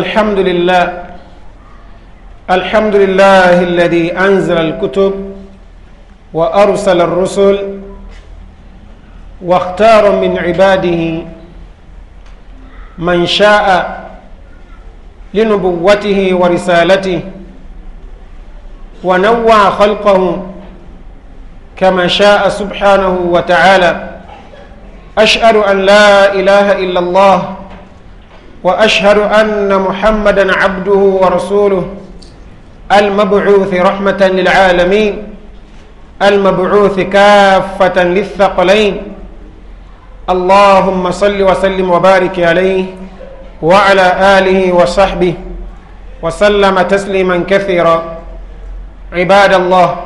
الحمد لله الحمد لله الذي أنزل الكتب وأرسل الرسل واختار من عباده من شاء لنبوته ورسالته ونوع خلقه كما شاء سبحانه وتعالى أشهد أن لا إله إلا الله وأشهد أن محمدا عبده ورسوله المبعوث رحمة للعالمين المبعوث كافة للثقلين اللهم صل وسلم وبارك عليه وعلى آله وصحبه وسلم تسليما كثيرا عباد الله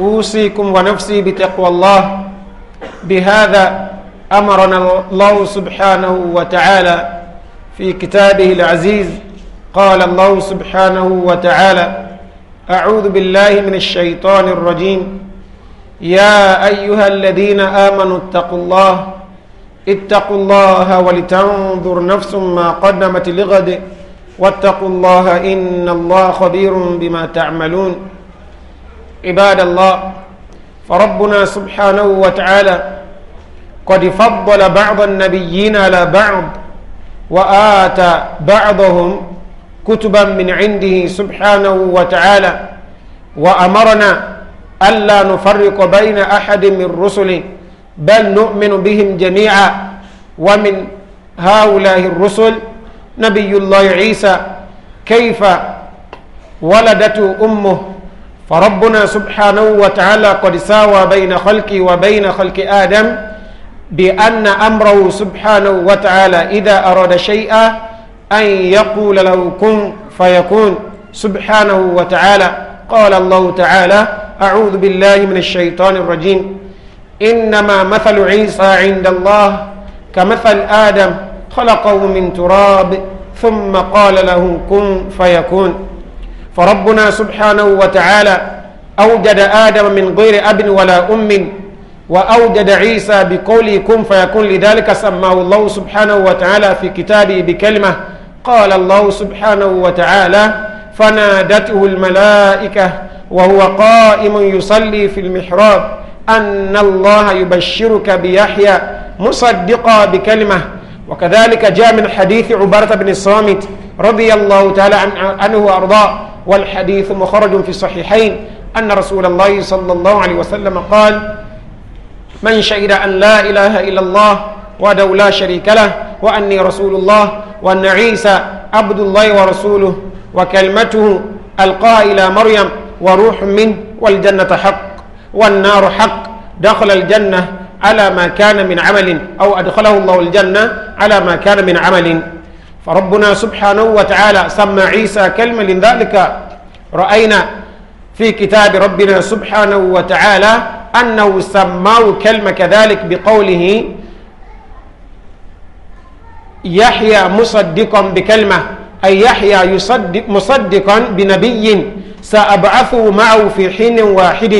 أوصيكم ونفسي بتقوى الله بهذا أمرنا الله سبحانه وتعالى في كتابه العزيز قال الله سبحانه وتعالى أعوذ بالله من الشيطان الرجيم يا أيها الذين آمنوا اتقوا الله اتقوا الله ولتنظر نفس ما قدمت لغد واتقوا الله إن الله خبير بما تعملون عباد الله فربنا سبحانه وتعالى قد فضل بعض النبيين على بعض وآتى بعضهم كتبا من عنده سبحانه وتعالى وأمرنا ألا نفرق بين أحد من رسله بل نؤمن بهم جميعا ومن هؤلاء الرسل نبي الله عيسى كيف ولدته أمه فربنا سبحانه وتعالى قد ساوى بين خلقي وبين خلق آدم بأن أمره سبحانه وتعالى إذا أراد شيئا أن يقول له كن فيكون سبحانه وتعالى قال الله تعالى أعوذ بالله من الشيطان الرجيم إنما مثل عيسى عند الله كمثل آدم خلقه من تراب ثم قال له كن فيكون فربنا سبحانه وتعالى أوجد آدم من غير أب ولا أم وأوجد عيسى بقوله كن فيكون لذلك سماه الله سبحانه وتعالى في كتابه بكلمة قال الله سبحانه وتعالى فنادته الملائكة وهو قائم يصلي في المحراب أن الله يبشرك بيحيى مصدقا بكلمة وكذلك جاء من حديث عبارة بن الصامت رضي الله تعالى عنه وأرضاه والحديث مخرج في الصحيحين أن رسول الله صلى الله عليه وسلم قال من شهد أن لا إله إلا الله وحده لا شريك له وأني رسول الله وأن عيسى عبد الله ورسوله وكلمته ألقاها إلى مريم وروح منه والجنة حق والنار حق دخل الجنة على ما كان من عمل أو أدخله الله الجنة على ما كان من عمل فربنا سبحانه وتعالى سمى عيسى كلمة لذلك رأينا في كتاب ربنا سبحانه وتعالى أنه سماه كلمة كذلك بقوله يحيى مصدقا بكلمة أي يحيى يصدق مصدقا بنبي سأبعثه معه في حين واحد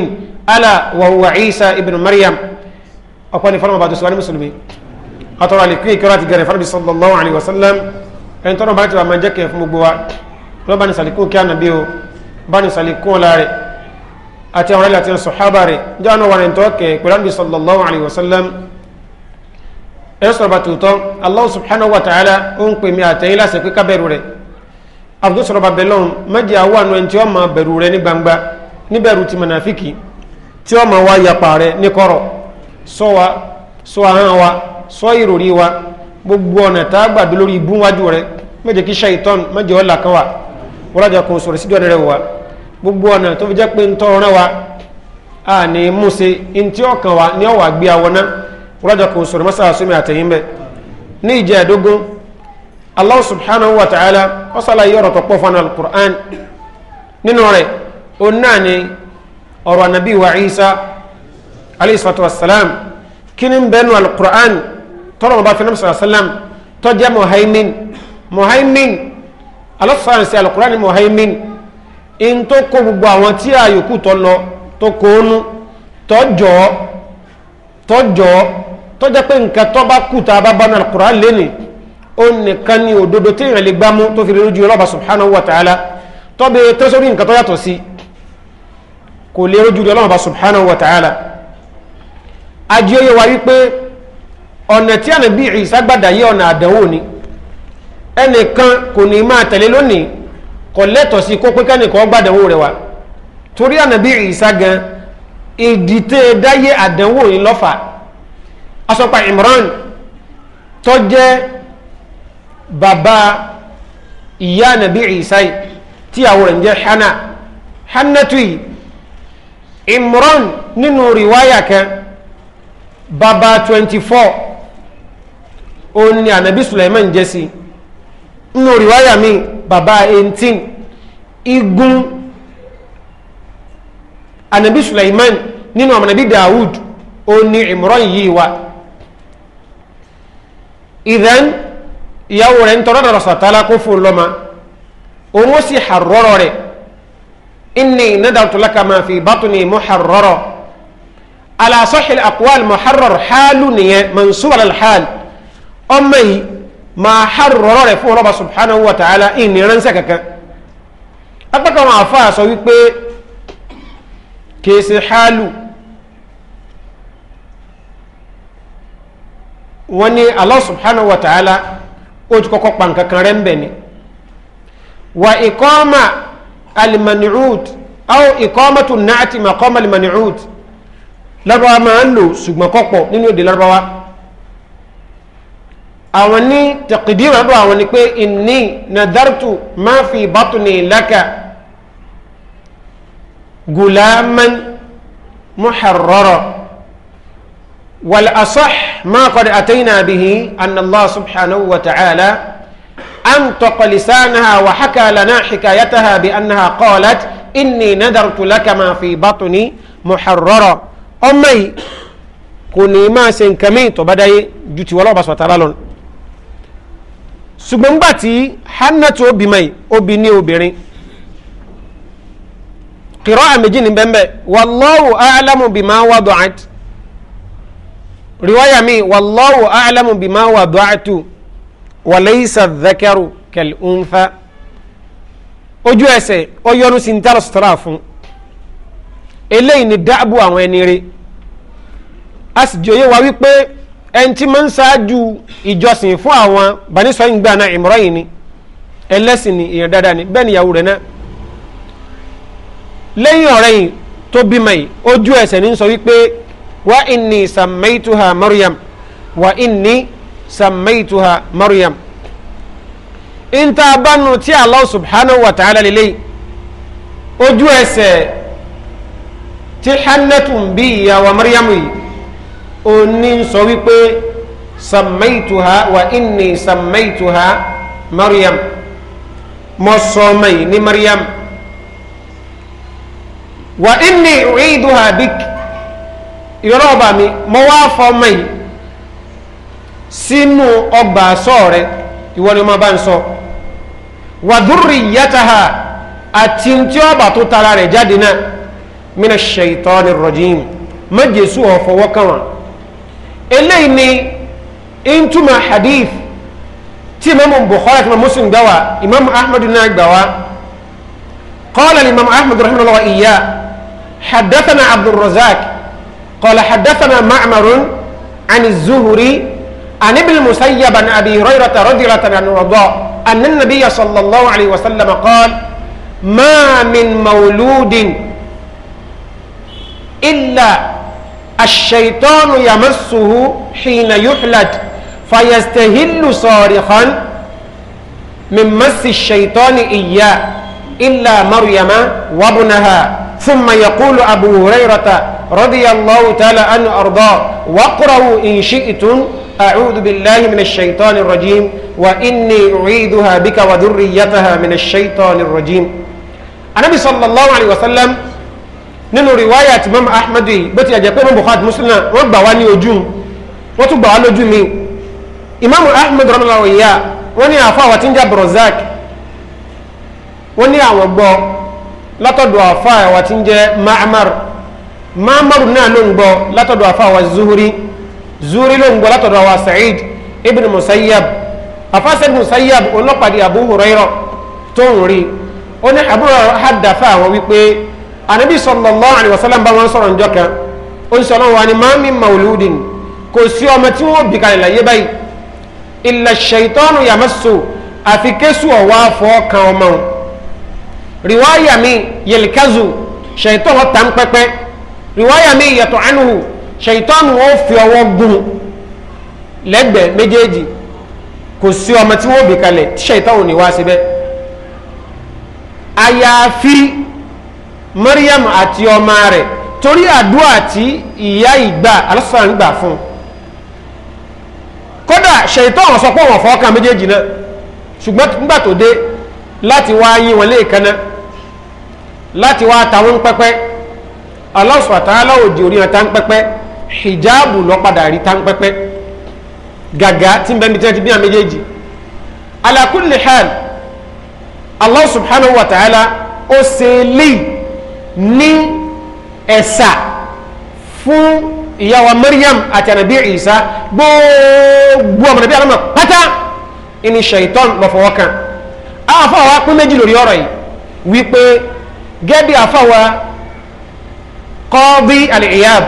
ألا وهو عيسى ابن مريم أقول فرما بعد سؤال مسلمين أترى لكي كرات قرر فربي صلى الله عليه وسلم أن ترى بعد ما جاك يفهم بوا ربنا سالكون كان نبيه ربنا سالكون لاري àti àwọn ilẹ̀ àti sọ̀hábà rẹ̀ jáàánú wà ní tọ́kẹ̀ pẹ̀lú àbí sallallahu alayhi wa sallam ẹ sọ̀rọ̀ bá tòótọ́ Allah subhanahu wa ta'ala ó ń pè mí àtẹ̀yìn láti pé kábẹ̀rù rẹ̀ àbúrò sọ̀rọ̀ bá bẹ̀lọ́n méjì àwọn àwọn ẹni tí wọ́n máa bẹ̀rù rẹ̀ ní gbangba níbẹ̀rù ti mọ̀nàfíkì tí wọ́n máa wá yapa rẹ̀ ní wa sọ ahọ́n wa gbogbo ọ̀nà tá a gbàdúró lórí ibú wájú rẹ̀ méjì kí ṣàìtọ́n méjì ọ̀là kan wà wọ́n lájà kò sọ̀rọ̀ síjọ́ rẹ̀ wà gbogbo ọ̀nà tó fi jẹ́ pé ń tọ́ ọ̀rán wa a ní múse ntí ọkàn wa ní ọ̀wà gbé àwọn náà rọ́jò kò sọ̀rọ̀ mọ́sá àsúnmi àtẹ̀yìn bẹ́ẹ̀ ní ìjẹ́ ẹ̀dógún Allah subhanahu wa ta'ala ó ṣàlàyé ọ̀rọ̀ tó pọ̀ fún al nínú rẹ̀ ó náà ní ọ̀rọ̀ anabi wa Isa alayhi salam kí ni bẹ́ẹ̀ nu al tọ́lọ̀ ọba fún amsa salam tọ́jà muhaimin muhaimin alọ́sàn sí muhaimin in tó kó gbogbo àwọn tí àyòkù tó lọ tó kóónú tọ́jọ́ tọ́jọ́ tọ́jọ́ pé nǹkan tó bá kú tá a bá bá náà Kùránì lẹ́nìí ó nìkan ní òdodo tí ìrìn lè gbá mú tó fi rí ojú ọlọ́ba subhanahu wa ta'ala tọ́bẹ̀ tẹ́sọ́rí nǹkan tó yàtọ̀ sí kò lè rojú ọlọ́ba subhanahu wa ta'ala ajíọ́yẹ wa wípé ọ̀nà tí ànàbí ìsàgbàdà yẹ ọ̀nà àdánwò ni ẹnìkan kò ní máa tẹ̀lé lónìí kò lẹ́tọ̀ sí kó pé kẹ́nìkan gbàdánwò rẹ̀ wá torí ànàbí Ìsá gan ìdìtẹ́ dáyé àdánwò yìí lọ́fà asọ́pa Imran tó jẹ́ bàbá ìyá ànàbí Ìsá yìí tíyàwó rẹ̀ ń jẹ́ Hana Hannatu yìí Imran nínú rìwáyà kan bàbá 24 òun ni ànàbí Sulaiman jẹ́ sí i nínú rìwáyà mi bàbá 18 igun anabi Sulaiman nínú amanabi Dawud ó ní Imran yìí wa ìdán ìyàwó rẹ̀ ń tọrọ dàrọ̀ sàtàlá kó fún un lọ́mọ òun ó sì hàrọ́rọ̀ rẹ̀ inni nadartu laka ma fi batni muharrara ala sahih aqwal muharrar halu niyan mansub al hal amma yi máa hárọ̀rọ̀ rẹ̀ fún ọlọ́ba subhanahu wa ta'ala ìní ránṣẹ́ kankan apákan àwọn àfáà sọ wípé kìí ṣe hálù wọ́n ní Allah subhanahu wa ta'ala ó ti kọ́kọ́ pa nǹkan kan rẹ̀ ń bẹ̀ ni wa ìkọ́mà alimaniud aw ìkọ́màtún náà ti màkọ́mà alimaniud lọ́rọ̀ máa ń lò ṣùgbọ́n kọ́pọ̀ nínú èdè lọ́rọ̀ wa. àwọn ní tẹ̀kìdìmọ̀ lọ́dọ̀ àwọn ni pé inni nadartu ma fi bàtù ní laka gulaman muharrara wal asah ma qad atayna bihi anna Allah subhanahu wa ta'ala wà hákà أنطق لسانها وحكى لنا حكايتها بأنها قالت إني نذرت لك ما في بطني محررا أمي كوني ما سنكمي تبدأ جوتي ولا بس وترالون ṣùgbọ́n nígbà tí hannatu obìmọ̀ obi ní obìnrin kìrọ́ àmìjì ní bẹ́ẹ̀ wallahu a'lamu bima wada'at riwaya mi wallahu a'lamu bima wada'atu wa laysa dhakaru kal-untha ojú ẹsẹ̀ ó yọnu sí ní tààrà sọ̀tàrà fún eléyìí ni dáàbò àwọn ẹni rẹ̀ a sì jòyè wa wípé ẹni tí máa ń ṣáájú ìjọsìn fún àwọn banisọ ìgbà náà ìmọ̀ràn yìí ni ẹlẹ́sìn ni èèyàn dáadáa ni bẹ́ẹ̀ ni ìyàwó rẹ̀ náà lẹ́yìn ọ̀rẹ́ yìí tó bímọ yìí ojú ẹsẹ̀ ní sọ wípé wa inni samaituha Maryam wa inni samaituha Maryam nta bánu tí Allah subhanahu wa ta'ala lélẹ́yìí ojú ẹsẹ̀ tí hannatun bí ìyàwó Maryam yìí òní ń sọ wípé sàmẹ́ìtùhá wà inni sàmẹ́ìtùhá mariam mo sọ ọmọ yìí ní mariam wà inni ìdúhà bík ìrọ̀lọ́ ọba mi mo wá fọ ọmọ yìí sínú ọgbà sọ rẹ ìwọ ni mo bá ń sọ wà dúrì yàtàhà àti tí ọba tó tara rẹ̀ jáde náà mina shaitanir rajim méje sùn ọ̀fọwọ́kàn eléyìí ni intuma hadith tí imaamu bukhari àti muslim gbà wá imaamu ahmed náà gbà wá qala imaamu ahmed rahman allah iya hadathana abdulrazak qala hadathana ma'marun ani zuhuri ani bil musayyab an abi hurayrata radiyallahu anhu wadda anna nabiyya sallallahu alayhi wa sallam qala ma min mawludin illa الشيطان يمسه حين يحلت فيستهل صارخا من مس الشيطان إياه إلا مريم وابنها ثم يقول أبو هريرة رضي الله تعالى عنه أرضاه واقرأوا إن شئتم أعوذ بالله من الشيطان الرجيم وإني أعيدها بك وذريتها من الشيطان الرجيم النبي صلى الله عليه وسلم nínú riwaya àti mọ́mọ́ ahmadu yìí bó ti ẹ̀jẹ̀ pé mọ́mọ́ bukhari muslim náà wọ́n gbà wá ní ojú wọ́n tún gbà wá lójú mi imaamu ahmadu rahmanahu iya wọ́n ní àfọ àwọn tí ń jẹ́ brozak wọ́n ní àwọn gbọ́ látọ̀dọ̀ àfọ àwọn tí ń jẹ́ ma'amar ma'amar náà ló ń gbọ́ látọ̀dọ̀ àfọ àwọn zuhuri zuhuri ló ń gbọ́ látọ̀dọ̀ àwọn sa'id ibn musayyab àfọ sa'id musayyab olópàdé abu hurayra tó ń rí ó ní àbúrò hadafa àwọn wípé anabi sallallahu alayhi wa sallam bá wọn sọ̀rọ̀ njọ́ kan ó ń sọ̀rọ̀ wa ni máa mi mawuludin kò sí ọmọ tí wọ́n bì kalẹ̀ láyé báyìí illa shaitanu yamassu àfi késù ọ̀wá fọ́ kan ọmọ wọn riwaya mi yelikazu shaitanu tán pẹ́pẹ́ riwaya mi anuhu shaitanu ó fi ọwọ́ gún lẹ́gbẹ̀ẹ́ méjèèjì kò sí ọmọ tí wọ́n bì kalẹ̀ tí shaitanu ni wá síbẹ̀ àyàfi. Mariam àti ọmọ rẹ̀ torí àdúrà tí ìyá ìgbà alásùfààní gbà fún un kódà ṣètò àwọn sọ pé wọn fọkàn méjèèjì náà ṣùgbọ́n nígbà tó dé láti wá yín wọn léèkan náà láti wá tàwọn pẹ́pẹ́ alásùfàtà aláwòdì orí wọn tán pẹ́pẹ́ hijabu lọ́padà rí tán pẹ́pẹ́ gàgà tí ń bẹ́ẹ̀ ti bí wọn méjèèjì ala kulli hal ó ṣe léyìí ní ẹ̀sà fún ìyàwó Maryam àti ànàbí Ìsá gbogbo ọmọdébí alámọ̀ pátá ìní ṣaitan lọ́fọwọ́ kan àfáwà pín méjì lórí ọ̀rọ̀ yìí wípé gẹ́bí àfáwà kọ́bí al-Iyad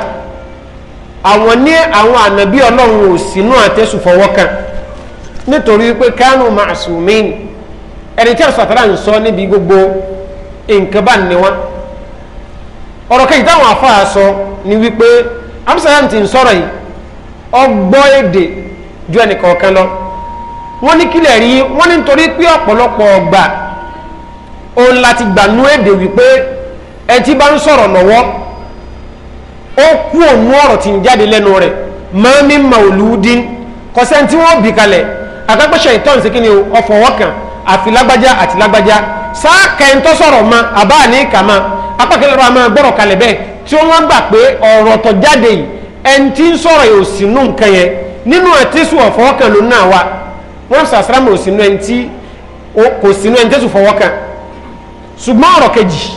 àwọn ní àwọn ànàbí ọlọ́run ò sínú àtẹ́sùfọwọ́ kan nítorí wípé kánú ma'sumin ẹni tí àṣàtàrà ń sọ níbi gbogbo nǹkan bá ní wọn ọ̀rọ̀ kejì táwọn afáà sọ ni wípé Amsterdam ti ń sọ̀rọ̀ yìí ọgbọ́ èdè ju ẹnìkọ̀ọ̀kan lọ wọ́n ní kílẹ̀ rí wọ́n ní nítorí pé ọ̀pọ̀lọpọ̀ ọgbà òun láti gbànú èdè wípé ẹ ti bá ń sọ̀rọ̀ lọ́wọ́ ó kú òun ọ̀rọ̀ tí ń jáde lẹ́nu rẹ̀ mọ́mí màlúùdín kọ̀sẹ́ tí wọ́n bì kalẹ̀ akápẹ́sẹ̀ ìtọ́n sí kíni àfi lágbájá àti lágbájá sáà ma àbá àníkà ma apá kan lọ́rọ̀ àmọ́ gbọ́rọ̀ kalẹ̀ bẹ́ẹ̀ tí wọ́n gbà pé ọ̀rọ̀ tó jáde yìí ẹni tí ń sọ̀rọ̀ yìí ò sí nù nǹkan yẹn nínú àtẹ́sù ọ̀fọwọ́kàn ló náà wà wọ́n sàsàràmù ò sínú ẹni tí kò sínú ẹni tẹ́sù fọwọ́kàn ṣùgbọ́n ọ̀rọ̀ kejì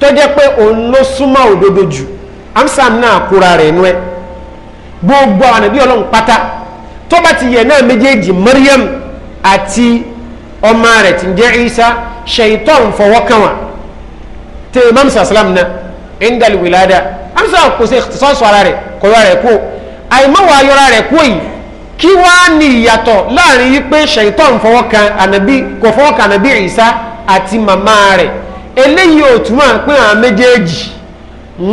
tó jẹ́ pé òun ló súnmọ́ òdodo jù amsam náà kóra rẹ̀ nú ẹ gbogbo àwọn àbí ọlọ́run pátá tó bá ti yẹ náà méjèèjì Maryam àti ọmọ rẹ̀ tí ń jẹ́ Isa ṣèyítọ́ ń fọwọ́kàn wọn tẹ imam sasalam na indal wilada amsa kò sí sọ́ọ̀sì ara rẹ̀ kò yọra rẹ̀ kú àìmọ́wàá yọra rẹ̀ kú yìí kí wàá ní ìyàtọ̀ láàrin yìí pé ṣèyítọ́n fọwọ́ kan ànàbí kò fọwọ́ kan ànàbí ìsá àti màmá rẹ̀ eléyìí ò túmọ̀ pé àwọn méjèèjì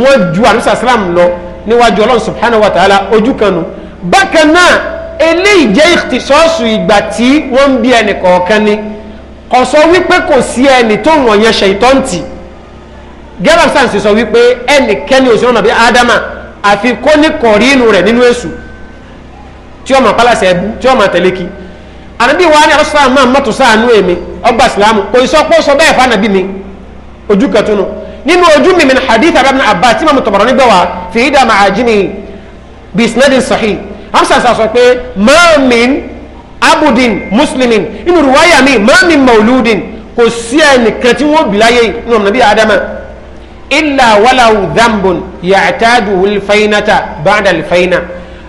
wọ́n ju àmísà sàlám lọ níwájú ọlọ́run subhanahu wa ta'ala ojú kan nu bákan náà eléyìí jẹ́ ìtìsọ́ọ̀sù ìgbà tí wọ́n ń ni kò sọ wípé kò sí ẹnì tó wọ̀nyẹn ṣèyítọ́n tì í gẹ́gẹ́ sáà sì sọ wípé ẹnikẹ́ni òṣèlú nàbí ádámà àfi kó ní kọ̀rí inú rẹ̀ nínú èṣù tí ọmọ pálásẹ̀ ẹbú tí ọmọ tẹ̀léki ànábì wa ni alásùfáà máa mọ́tò sáànú èmi ọgbà ìsìlámù kò sọ pé ó sọ bẹ́ẹ̀ fànàbí mi ojú kẹtùnú nínú ojú mi mi hadith abẹ́mi abbas tí màmú tọ̀bọ̀rọ̀ nígbà wa fi ìdá màá jìnnì bí sinadin sahih hamsa sà sọ pé máa mi abudin muslimin inú ruwaya mi máa kò sí ẹnìkan tí wọ́n bì láyé nínú nàbí ádámà illa walawu dambun yàtàdù wulfainata bàdà lfaina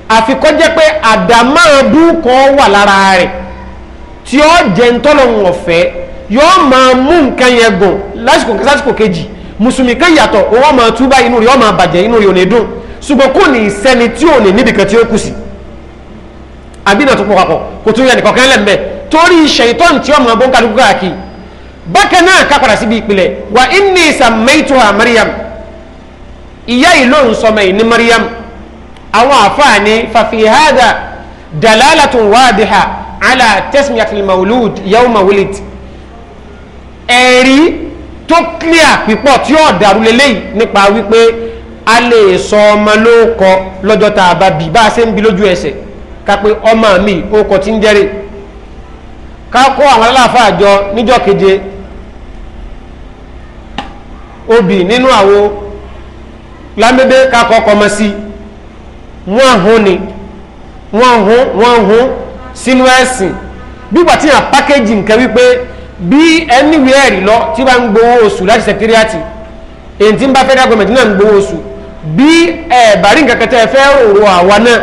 àfi kó jẹ́ pé àdàmàdù kan wà lára rẹ̀ tí ó jẹ́ ntọ́lọ̀ ọ̀fẹ́ yóò máa mú nǹkan yẹn gùn lásìkò lásìkò kejì mùsùlùmí kan yàtọ̀ òun máa túbà inú rẹ̀ ó máa bàjẹ́ inú rẹ̀ ò ní dùn ṣùgbọ́n kò ní sẹ́ni tí ò ní níbìkan tí ó kù sí àbí náà tó pọ̀ papọ̀ kò tún yẹ nìkan kan lẹ́m̀bẹ́ torí ṣèyítọ́n tí ó máa bọ́ńkálukú káàkiri bákan náà kápadà síbi ìpìlẹ̀ wa inni sammaytuha Maryam ìyá ìlú nsọmọ yìí ní Maryam àwọn àfààní fafi hadha dalalatun wadiha ala tasmiyatil mawlud yawma wulid ẹ̀rí tó clear pípọ̀ tí ó dàrú lélẹ́yìí nípa wípé a lè sọ ọmọ lóòkọ lọ́jọ́ tá a bá bí bá a ṣe ń bi lójú ẹsẹ̀ ká ọmọ mi ó kọ tí ń jẹ́rìí ká kó àwọn aláàfáà keje obì nínú àwo lámẹ́dẹ́ ká kọ́kọ́ mọ́ sí ni wọ́n hún wọ́n hún sínú ẹ̀sìn gbígbà tí yàn pákéjì nǹkan wípé bí ẹni wí lọ tí bá ń gbowó oṣù láti sẹkíríàtì èyí tí ń bá federal government náà ń gbowó oṣù bí nǹkan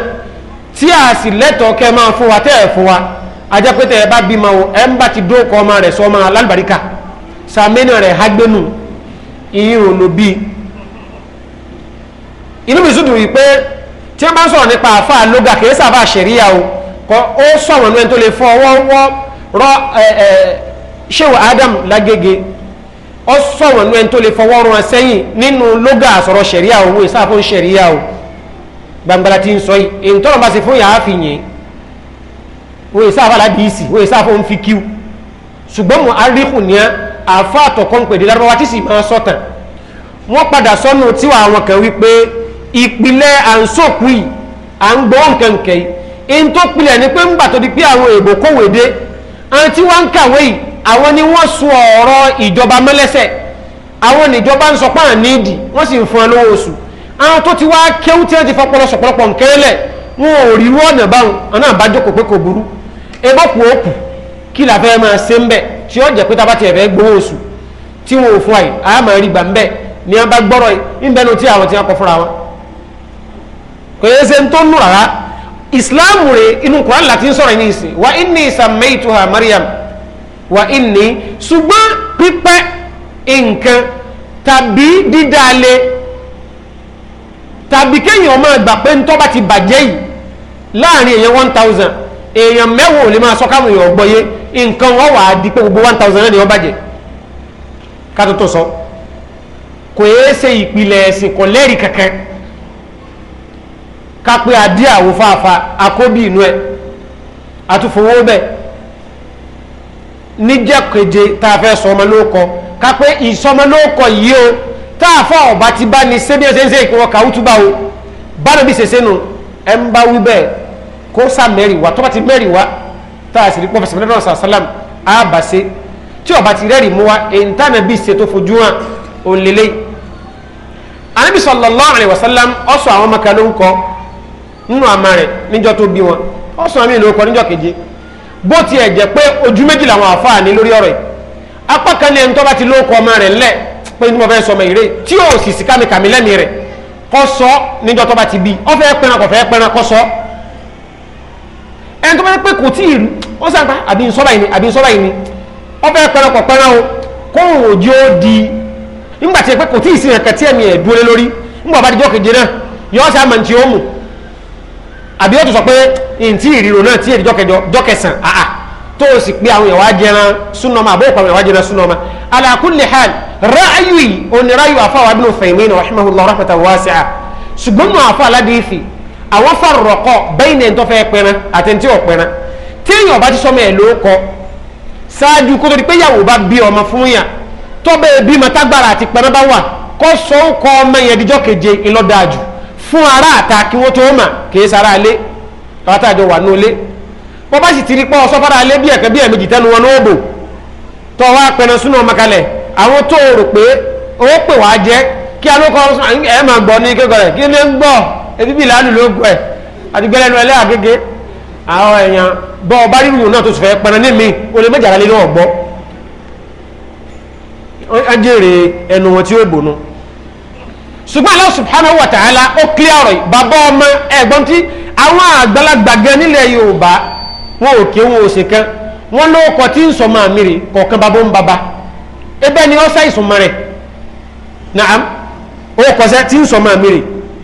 a sì lẹ́tọ̀ọ́ kẹ́ ajapẹtẹ ẹ bá bímọ o ẹ ń bá ti dóòkọ ọmọ rẹ sọmọ alálùbáríkà sàmínà rẹ hágbénu ìyín ònà bíi inú mi sùdùn yìí pé tí wọn bá ń sọ̀rọ̀ nípa àfa lóga kìí sábà ṣẹríya o kọ ó sọ̀rọ̀ nípa tó lè fọ ọwọ́ wọ rọ ẹ ẹ ṣéwò Adam lágége ó sọ̀rọ̀ nípa tó lè fọwọ́ rún sẹ́yìn nínú lóga àsọ̀rọ̀ ṣẹríya o wọ́n ìsáfún ṣẹríya o gbàngbàlá ti ń sọ yìí èyí tọ́lọ́ bá ti fún yàrá fi yìn wọ́n yìí sáfà ládìísì wọ́n yìí sáfà ń fi kíw ṣùgbọ́n àfa àtọ̀kọ́ ń lárúbáwá tí sì máa sọ̀tàn wọ́n padà sọ́nù àwọn kan wípé ìpìlẹ̀ à ń yìí à ń gbọ́ yìí n tó pilẹ̀ ni pé ń gbà di pé àwọn èèbò dé àwọn tí wọ́n ń kàwé yìí ni wọ́n sun ọ̀rọ̀ ìjọba mẹ́lẹ́sẹ̀ àwọn níjọba ń sọ pé wọ́n sì ń fún oṣù àwọn tó ti wá tí wọ́n ti fọpọlọ nkẹ́lẹ̀ wọn ò rí àwọn ebó kù ó kù kí la fẹ́ máa ṣe ń bẹ̀ tí ó jẹ́ pé tá a bá tiẹ̀ fẹ́ gbowó oṣù tí wọn ò fún àyè a máa rí gbà ń bẹ̀ ni a bá gbọ́rọ̀ yìí ń bẹ́nu tí àwọn ti kọ́ fúnra wọn. kò yẹ ṣe ń tó nù rárá islam rè inú Quran láti ń sọ̀rọ̀ yìí ní ìsìn wa inni samaituha Maryam wa inni ṣùgbọ́n pípẹ́ nǹkan tàbí dídálé tàbí kéèyàn máa gbà pé ń tọ́ bá ti bàjẹ́ yìí láàrin èèyàn one thousand èèyàn mẹ́wọ̀n lè máa sọ káwọn èèyàn gbọ́yé nǹkan wọ́n wà á di pé gbogbo one thousand náà ni wọ́n bàjẹ́ ká tó tó sọ kò yéé ṣe ìpìlẹ̀ ẹ̀sìn kò lẹ́rìí kankan ká pé adé àwò afa àkóbì inú àtúfowó tá a fẹ́ sọ ọmọ ká pé ìsọmọ o tá a fọ ọba ti bá o bá lóbi nù ẹ ń bá kó sá mẹ́rin wa tó bá ti mẹ́rin wa tá a sì rí pọ́ fẹsẹ̀ mẹ́rin náà sàlám á bà ṣe tí ọba ti rẹ́rìn mú wa èyí tá nàbí ṣe tó fojú hàn òǹlẹ̀lẹ̀ anabi sallallahu alayhi wa sallam ọsọ àwọn ọmọ kan ló ń kọ nínú àmà rẹ níjọ́ tó bí wọn ọsọ àmì ìlú kọ níjọ́ keje bó tiẹ̀ jẹ́ pé ojú méjì làwọn àfáà ní lórí ọ̀rọ̀ yìí apá kan ní ẹni tó bá ti ló kọ ọmọ rẹ̀ ńlẹ̀ pé ní mo fẹ́ sọmọ ìrè tí yóò sì sí kàmìkàmì lẹ́mìí rẹ̀ kọ́ sọ níjọ́ tó bá ti bí ọ fẹ́ pẹran kò fẹ́ pẹran kọ́ sọ ẹni tó bá pé kò tí ì ó sàgbà àbí nsọ́ra yìí ni àbí nsọ́ra yìí ni wọ́n fẹ́ pẹ́rọpọ̀ pẹ́rọ o kó òjò di nígbà tí ẹ pé kò tí ì sí ẹ̀kẹ́ tí ẹ̀mí ẹ̀ dúró lé lórí nígbà bá dijọ́ keje náà yọ ọ́ sá mọ̀ tí ó mù àbí ó tún sọ pé ntí ìrírò náà tí èdè jọ́kẹjọ jọ́kẹsàn àà tó o sì pé àwọn ìyàwó ajẹran súnọmọ àbó àwọn fàrọ̀kọ bẹ́ẹ̀ ni ẹ̀ńtọ́ fẹ́ pẹran àtẹ̀ntí ọ̀pẹran tí èèyàn bá ti sọmọ ẹ̀ ló kọ ṣáájú kó tó di pé yàwó bá bí ọmọ fún yàn tọ́bẹ̀ bímọ tágbára àti pẹran bá wà kó sọ ó kọ ọmọ yẹn díjọ́ keje ńlọ́dáàjù fún ara àta kí wọ́n tó mà kì í sara alé pátá àjọ wà ní olé bọ́ bá sì ti rí pọ́ ọsọ fara alé bí ẹ̀kẹ́ bí ẹ̀mejì tẹnu wọn ló ebi bí ìlànà ló gbọ́ ẹ̀ àdìgbẹ́lẹ́nu ẹlẹ́ àgége àwọn èèyàn bọ́ ọba rírù náà tó fẹ́ pẹ̀rẹ̀ ní mi o lè méjàlá lé náà gbọ́ ajẹ́rẹ̀ ẹnu wọn tí ó gbónú ṣùgbọ́n Allah subhanahu wa ta'ala ó clear ọ̀rọ̀ bàbá ọmọ ẹ̀gbọ́n tí àwọn àgbàlagbà gan nílẹ̀ Yorùbá wọn ò kí wọn ò sì kan wọn ló kọ tí ń sọ máa kọ̀ọ̀kan bàbá ń bàbá ebe ni ọ́ sáìsùn mọ́ rẹ̀ naam ó kọ̀ọ̀sẹ́ tí ń sọ máa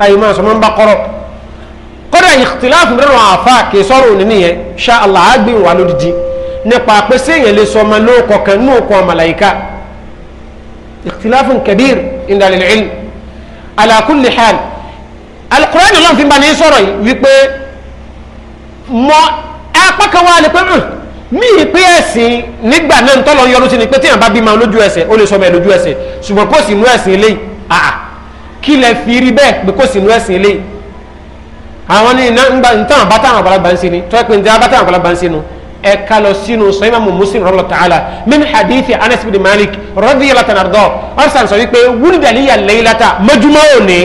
àyè máa sọ máa ń bá kọ́rọ̀ kódà ìtìláàfù mìíràn àwọn àfa kì í sọ̀rọ̀ òní nìyẹn ṣá aláà gbìn wà lódìdí nípa pé séèyàn lè sọ ọmọ lóòkọ kan ní òkú màláíkà ìtìláàfù kabir indalil ilm ala kulli hal alukurani ló ń fi bani sọ̀rọ̀ yìí wípé mọ apá kan wà lè pé mí pé ẹ̀sìn nígbà náà ń tọ́lọ̀ yọrù sí ni pé téèyàn bá bímọ lójú ẹsẹ̀ ó lè sọ ọmọ lójú ẹsẹ̀ ṣùgbọ́n kó sì mú ẹ̀sìn eléyìí kí lẹ fi rí bẹ́ẹ̀ pé kò sínú ẹ̀sìn ilé àwọn ní iná ńgbà ntàn àbátà àwọn àgbàlagbà ń ṣe ni tọ́ ẹ pé ntàn àbátà àwọn àgbàlagbà ń ṣe nu ẹ ká lọ sínú sọ imamu muslim rọlọ ta'ala min hadithi anas bin malik rọdíyàlá tanardọ ọsàn sọ wípé wúlídàlíyà lẹ́yìnláta mọ́júmọ́ ò ní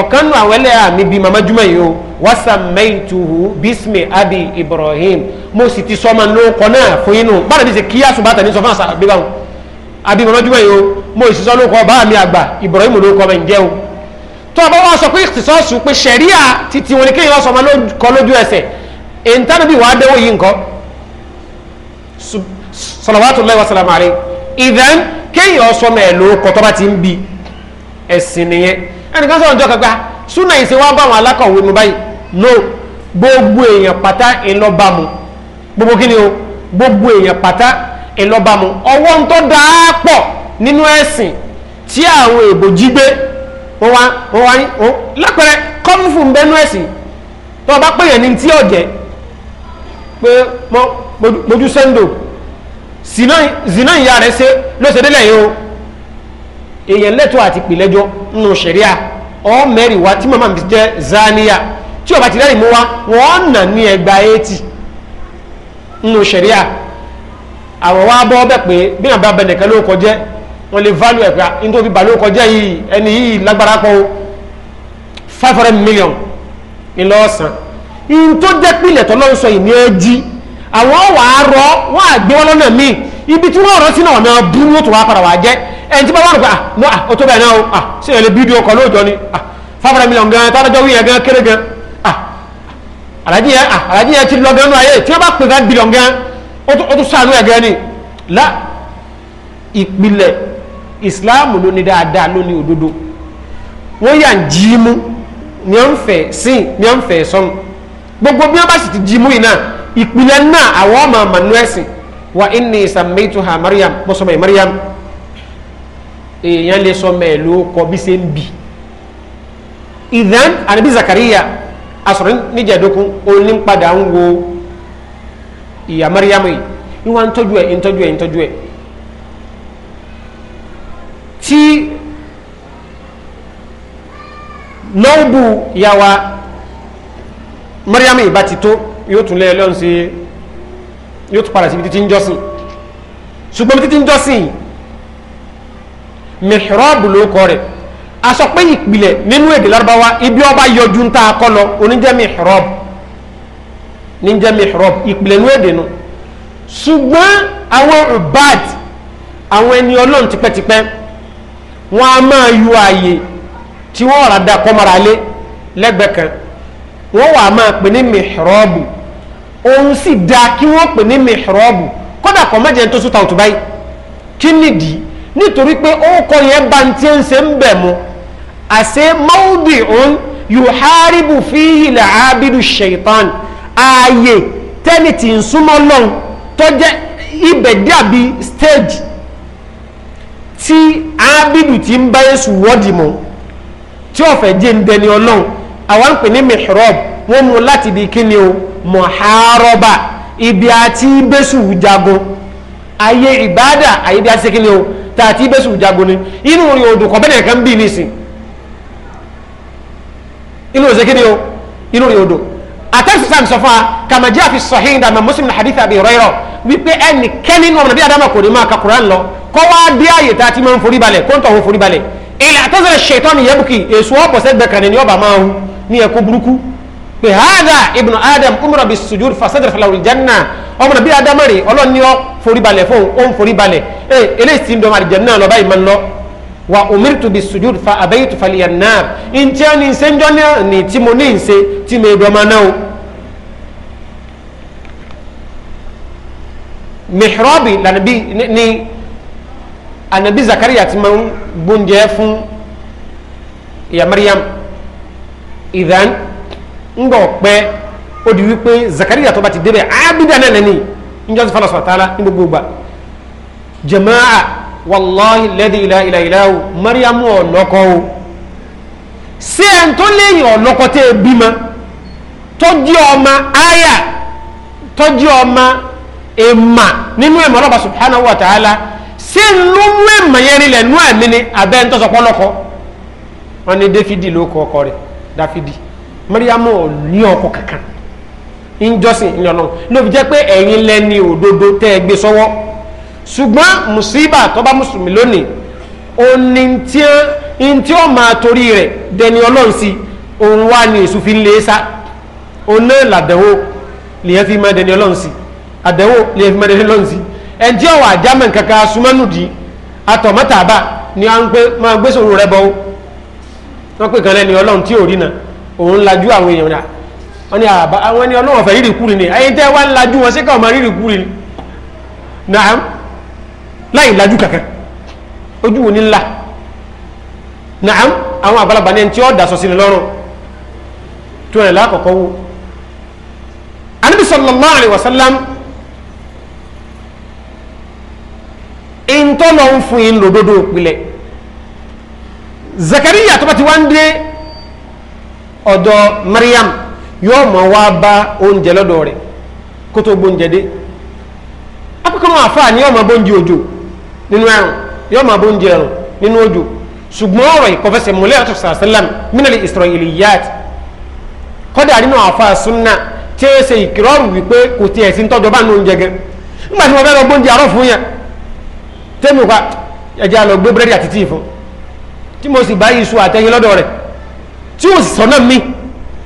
ọ̀kan nù àwọn ẹlẹ́yà mi bímọ mọ́júmọ́ yìí o wasamẹ́yìtuhu bísmi abi ibrahim mo sì ti sọ́mọ ní ọkọ̀ náà fún inú bá àbí mo lọ́júmọ́ yìí o mo ìṣiṣọ́ ló kọ́ bá mi àgbà Ibrahim ló kọ́ mi ń jẹ́ o tó ọba wa sọ pé ìṣiṣọ́sù pé ṣẹ̀ríà titi wọn ni kéèyàn sọ ọmọ kọ lójú ẹsẹ̀ èntánú bí wàá dẹ́wọ́ yìí nǹkan salawatullahi wa salamu alayhi ìdán kéèyàn sọ ọmọ ló kọ́ tó bá ti ń bi ẹ̀sìn nìyẹn ẹnìkan sọ̀rọ̀ njọ́ kagbá ah, súnà ìsìn wa bá àwọn alákọ̀wé mu báyìí no gbogbo èèyàn pátá ńlọ bá mu gbogbo kí ni o gbogbo èèyàn pátá ìlọ́bàmù ọwọ́ ń tọ́ dáa pọ̀ nínú ẹ̀sìn tí àwọn èbò jí gbé wọ́n wá wọ́n wá ní lápẹ̀rẹ̀ kọ́mù fún bẹ́nu ẹ̀sìn tó bá pèyàn ní tí ọ̀jẹ́ pé mojú sẹ́ńdò zina ìyá rẹ̀ ṣe ló ṣe délẹ̀ yìí o èèyàn lẹ́tọ̀ àti pìlẹ́jọ́ nù ṣẹ̀ríà ọ mẹ́rin wa tí màmá mi jẹ́ zaniya tí ọba ti rẹ́rìn mú wa wọ́n nà ní ẹgbàá 80 nù ṣẹ̀ríà àwọn wa bọ́ bẹ́ẹ̀ pé bí wọn bá bẹ ló kọjẹ́ wọn lè value ẹ̀ pé ah, nítorí bá ló kọjẹ́ yìí ẹni yìí lágbára pọ̀ five hundred million ńlọ́ọ̀sán in tó jẹ́ pílẹ̀ tọ́lọ́run sọ ìní ẹjí àwọn wà á rọ wọn à gbé wọn lọ́nà míì ibi tí wọ́n rọ sí náà náà bú wọn tó wá padà wá jẹ́ ẹni tí bá wọn rò pé ah no ah o tó bẹ̀ náà o ah ṣé ìyẹn lè bídíò kọ lóòjọ́ ni ah five hundred million gan tọ́lọ́jọ́ wíyẹn gan kéré gan ah alájí yẹn ah alájí yẹn ti lọ gan nù ayé tí wọ́n bá pè gan bílíọ̀n gan ó tún sànú ẹ̀gẹ́ ni lá ìpìlẹ̀ Islam ló ní dáadáa ló ní òdodo wọ́n yà ń jí mú ní à ń fẹ́ sí ní à ń fẹ́ sọ́nù gbogbo bí wọ́n bá sì ti jí mú yìí náà ìpìlẹ̀ náà àwọn ọmọ àmàlú ẹ̀sìn wa inni sàmẹ́tùhà mariam mọ́sọ̀mọ́ mariam èèyàn lè sọ mẹ́ẹ̀ ló kọ bí ṣe ń bì ìdán àníbí zakariya asọ̀rọ̀ níjẹ̀dókun ó ń wo ìyá mariamu yìí ni wọn ń tọ́jú ẹ̀ ń tọ́jú ẹ̀ ń tọ́jú ẹ̀ tí lọ́ọ̀bù ìyá wa mariamu yìí bá ti tó yóò tún lẹ́yìn e lọ́n sí yóò tún padà síbi títí ń jọ́sìn ṣùgbọ́n títí ń jọ́sìn mihrab ló kọ rẹ̀ a sọ pé ìpìlẹ̀ nínú èdè lárúbáwá ibi ọba yọjú ń ta akọ lọ oníjẹ́ níjẹ́ mihrab ìpìlẹ̀ inú èdè nu ṣùgbọ́n àwọn ubat àwọn ẹni ọlọ́run tipẹ́tipẹ́ wọn a máa yọ ààyè tí wọ́n rà dá kọ́mara lé lẹ́gbẹ̀ẹ́ kan wọ́n wà máa pè ní mihrab òun sì da kí wọ́n pè ní mihrab kódà kọ́ mẹ́jẹ̀ tó súta òtún báyìí kí nìdí nítorí pé ó kọ́ yẹn bá ń tiẹ́ ń ṣe ń bẹ̀ mu àṣẹ mawdi'un yuharibu fihi la'abidu shaitan ààyè tẹ́ni tí ń súnmọ́ lọ́n tó jẹ́ ibẹ̀ dàbí stage tí ábídù ti ń báyé sùn wọ́dì mọ́ tí ọ̀fẹ́ jẹ́ ń dẹni ọlọ́run àwọn ń pè ní mihrab wọ́n mú láti di kíni o mọ̀hárọ́bà ibi àti bẹ́sù jagun ayé ìbádà ayé bí a ti ṣe kíni o tá àti bẹ́sù jagun ni inú orin odò kọ́ bẹ́ẹ̀ kan bí nísìn inú òṣèkíni o inú orin odò àtẹ́sí sàm sọ fún wa kàmájẹ́ àfi sọ̀hìn dàmà Muslim ní hadith Abi Hurairah wípé ẹnì kẹ́ni ní ọmọdé adama kò ní máa ka Quran lọ kọ́ wá dé àyè tá a ti máa ń forí balẹ̀ kó ń tọ̀ wọ́n forí balẹ̀ ilẹ̀ àtẹ́sẹ̀rẹ̀ ṣètọ́ ni yẹ́bùkì èso ọ̀pọ̀ sẹ́gbẹ̀ kan ní ọba máa ń ní ẹ̀kọ́ burúkú pé hada ibnu adam umra bi sujud fasadar falawul janna ọmọ nàbí adamari ọlọ́ni ọ forí balẹ̀ fún òun forí balẹ̀ ẹ eléyìí ti ń dọ́mọ wa umirtu bi sujud fa abaytu falyannar ntí ẹni nsẹ́njọ́ náà ní tí mo ní nse tí mo dọ́mọ náà o. mihrabi lanabi ni anabi zakariya ti máa ń gbóúnjẹ fún ìyá mariam ìdán ńgbà ọ̀pẹ ó di wípé zakariya tó bá ti débẹ̀ ábídà náà nani níjọ́ sí fọlọ́sọ̀ tààlà ní gbogbo gbà jẹ̀máà wàláhì lẹ́dí ilá ilá ilá o mariamu ọ̀lọ́kọ o sí ẹ̀ ń tó léyìn ọ̀lọ́kọ tẹ́ ẹ bímọ tọ́jú ọmọ aya tọ́jú ọmọ èèmà nínú ẹ̀mọ́ ọlọ́ba subhanahu wa ta'ala sí ló mú èèmà yẹn rí lẹ̀ nú ẹ̀mí ni abẹ́ ń tọ́sọ̀pọ̀ lọ́kọ wọn ni dáfídì ló kọ ọkọ rẹ̀ dáfídì mariamu ọ̀lú ọkọ kankan ìjọsìn ìlànà ló fi jẹ́ pé ẹ̀yin lẹ́ni òdodo tẹ́ ẹ gbé sọ́wọ́ ṣùgbọ́n mùsíbà tó bá mùsùlùmí lónìí òní tí ó máa torí rẹ̀ dẹni ọlọ́run sí òun wá ní èṣù fi ń lé sá òun náà làdẹ̀wò lèyẹn fi máa dẹni ọlọ́run sí àdẹ̀wò lèyẹn fi máa dẹni ọlọ́run sí ẹn tí ọ̀wà àjámẹ̀ kankan súnmọ́nùdì àtọ̀mọ́tàbà ni a ń pé máa gbé sòrò rẹ bọ́ wọ́n pè kan lẹ́ni ọlọ́run tí ò rí náà òun lajú àwọn èèyàn náà wọ́n ní àwọn ẹni ọlọ́run ọ̀fẹ́ rírì kúrin ni ẹ̀yin tẹ́ wá lajú wọn sí káwọn máa rírì kúrin náà láì lajú kankan ojú wo ni ńlá naam àwọn àgbàlagbà ní ẹni tí ó dasọ sí ni lọ́rùn tó rẹ̀ lákọ̀ọ́kọ́ wo anabi sallallahu alayhi wa sallam ntọ́lọ̀ ń fún yín lòdodo òpìlẹ̀ zakariya tó bá ti wá ń dé ọ̀dọ̀ mariam yóò mọ̀ wá bá oúnjẹ lọ́dọ̀ rẹ̀ kó gbóúnjẹ dé akọ́kọ́ náà àfáà ni yóò mọ̀ bóúnjẹ òjò nínú ẹ̀rùn yóò máa bó ń jẹ ẹ̀rùn nínú òjò ṣùgbọ́n ọ̀rọ̀ ìkọfẹsẹ̀ mọ́lẹ́ àti sàṣẹ́lám mínàlì israiliyat kọ́dà nínú àfa sunna tí ó ṣe ìkìrọ̀rù wípé kò tiẹ̀ sí ń tọ́jọ́ bá ń lo oúnjẹ gẹ nígbà tí mo fẹ́ lọ gbóúnjẹ àárọ̀ fún yẹn tẹ́mi pa ẹ̀jẹ̀ àlọ́ gbé búrẹ́dì àti tíì fún tí mo sì bá iṣu àtẹ̀yìn lọ́dọ̀ rẹ̀ tí ó sì sọ náà mí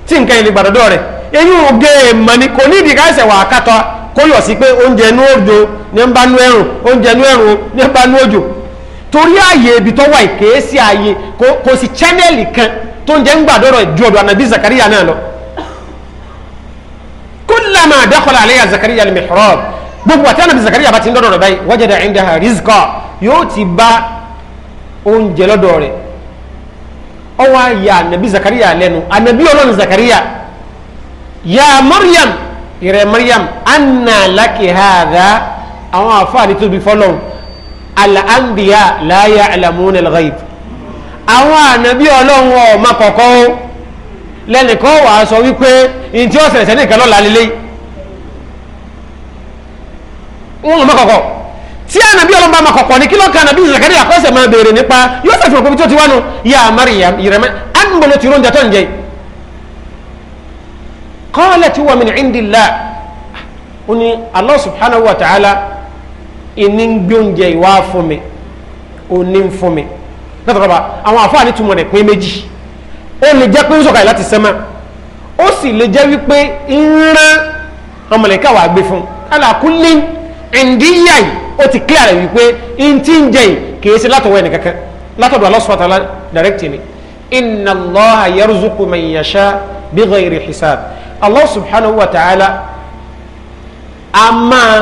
tí nǹkan ìlú gbàdọ̀dọ̀ rẹ̀ eyín òge èèmọ̀ ni kò ní ìdí ká wà á kátọ́ kó yọ̀ sí pé oúnjẹ inú òjò ní ń bá nú ẹ̀rùn oúnjẹ inú ẹ̀rùn ní ń bá nú òjò torí ààyè ibi tó wà ìkéé sí ààyè kò sí channel kan tó ń jẹ́ ń gbàdọ̀rọ̀ ju ọ̀dọ̀ ànàbí Zakariya náà lọ kullama dakhala alayha Zakariya al-mihrab gbogbo àti ànàbí Zakariya bá ti ń dọ́dọ̀ rẹ̀ báyìí wajada indaha rizqa yóò ti bá oúnjẹ lọ́dọ̀ rẹ̀ ọwọ́ àyà ànàbí Zakariya lẹ́nu ànàbí ọlọ́run Zakariya ya Maryam ìrẹ Maryam anna laki hadha àwọn àfáàní tó bí fọlọ al-anbiya la ya'lamuna al-ghaib àwọn ànábí Ọlọ́run ọmọ kọkọ o lẹnìkan wà á sọ wípé ntí ó ṣẹlẹ̀ sẹnìkan lọlá lélẹ wọn ọmọ kọkọ tí ànábí Ọlọ́run bá ma kọkọ ní kí lọkàn ànábí Zakariya àkọsẹ máa béèrè nípa yóò ṣàfihàn pé tí ó ti wá nu ya Maryam ìrẹ Maryam anbolo ti rọ oúnjẹ tó ń jẹ yìí qalat huwa min indillah ó ní Allah subhanahu wa ta'ala ìní ń gbóúnjẹ ìwá fún mi ó ní ń fún mi látọ̀rọ̀bà àwọn àfáàní túmọ̀ rẹ̀ pé méjì ó lè jẹ́ pé ń sọ̀kalẹ̀ láti sẹ́mà ó sì lè jẹ́ wípé ń rán ọmọlẹ́ká wàá gbé fún ala kulli indiya yìí ó ti clear rẹ̀ wípé ń tí ń jẹ yìí kìí ṣe látọ̀wọ́ ẹnì kankan látọ̀dọ̀ Allah subhanahu wa ta'ala direct ni inna Allah yarzuqu man yasha bighayri hisab allah subhanahu wa ta'ala a máa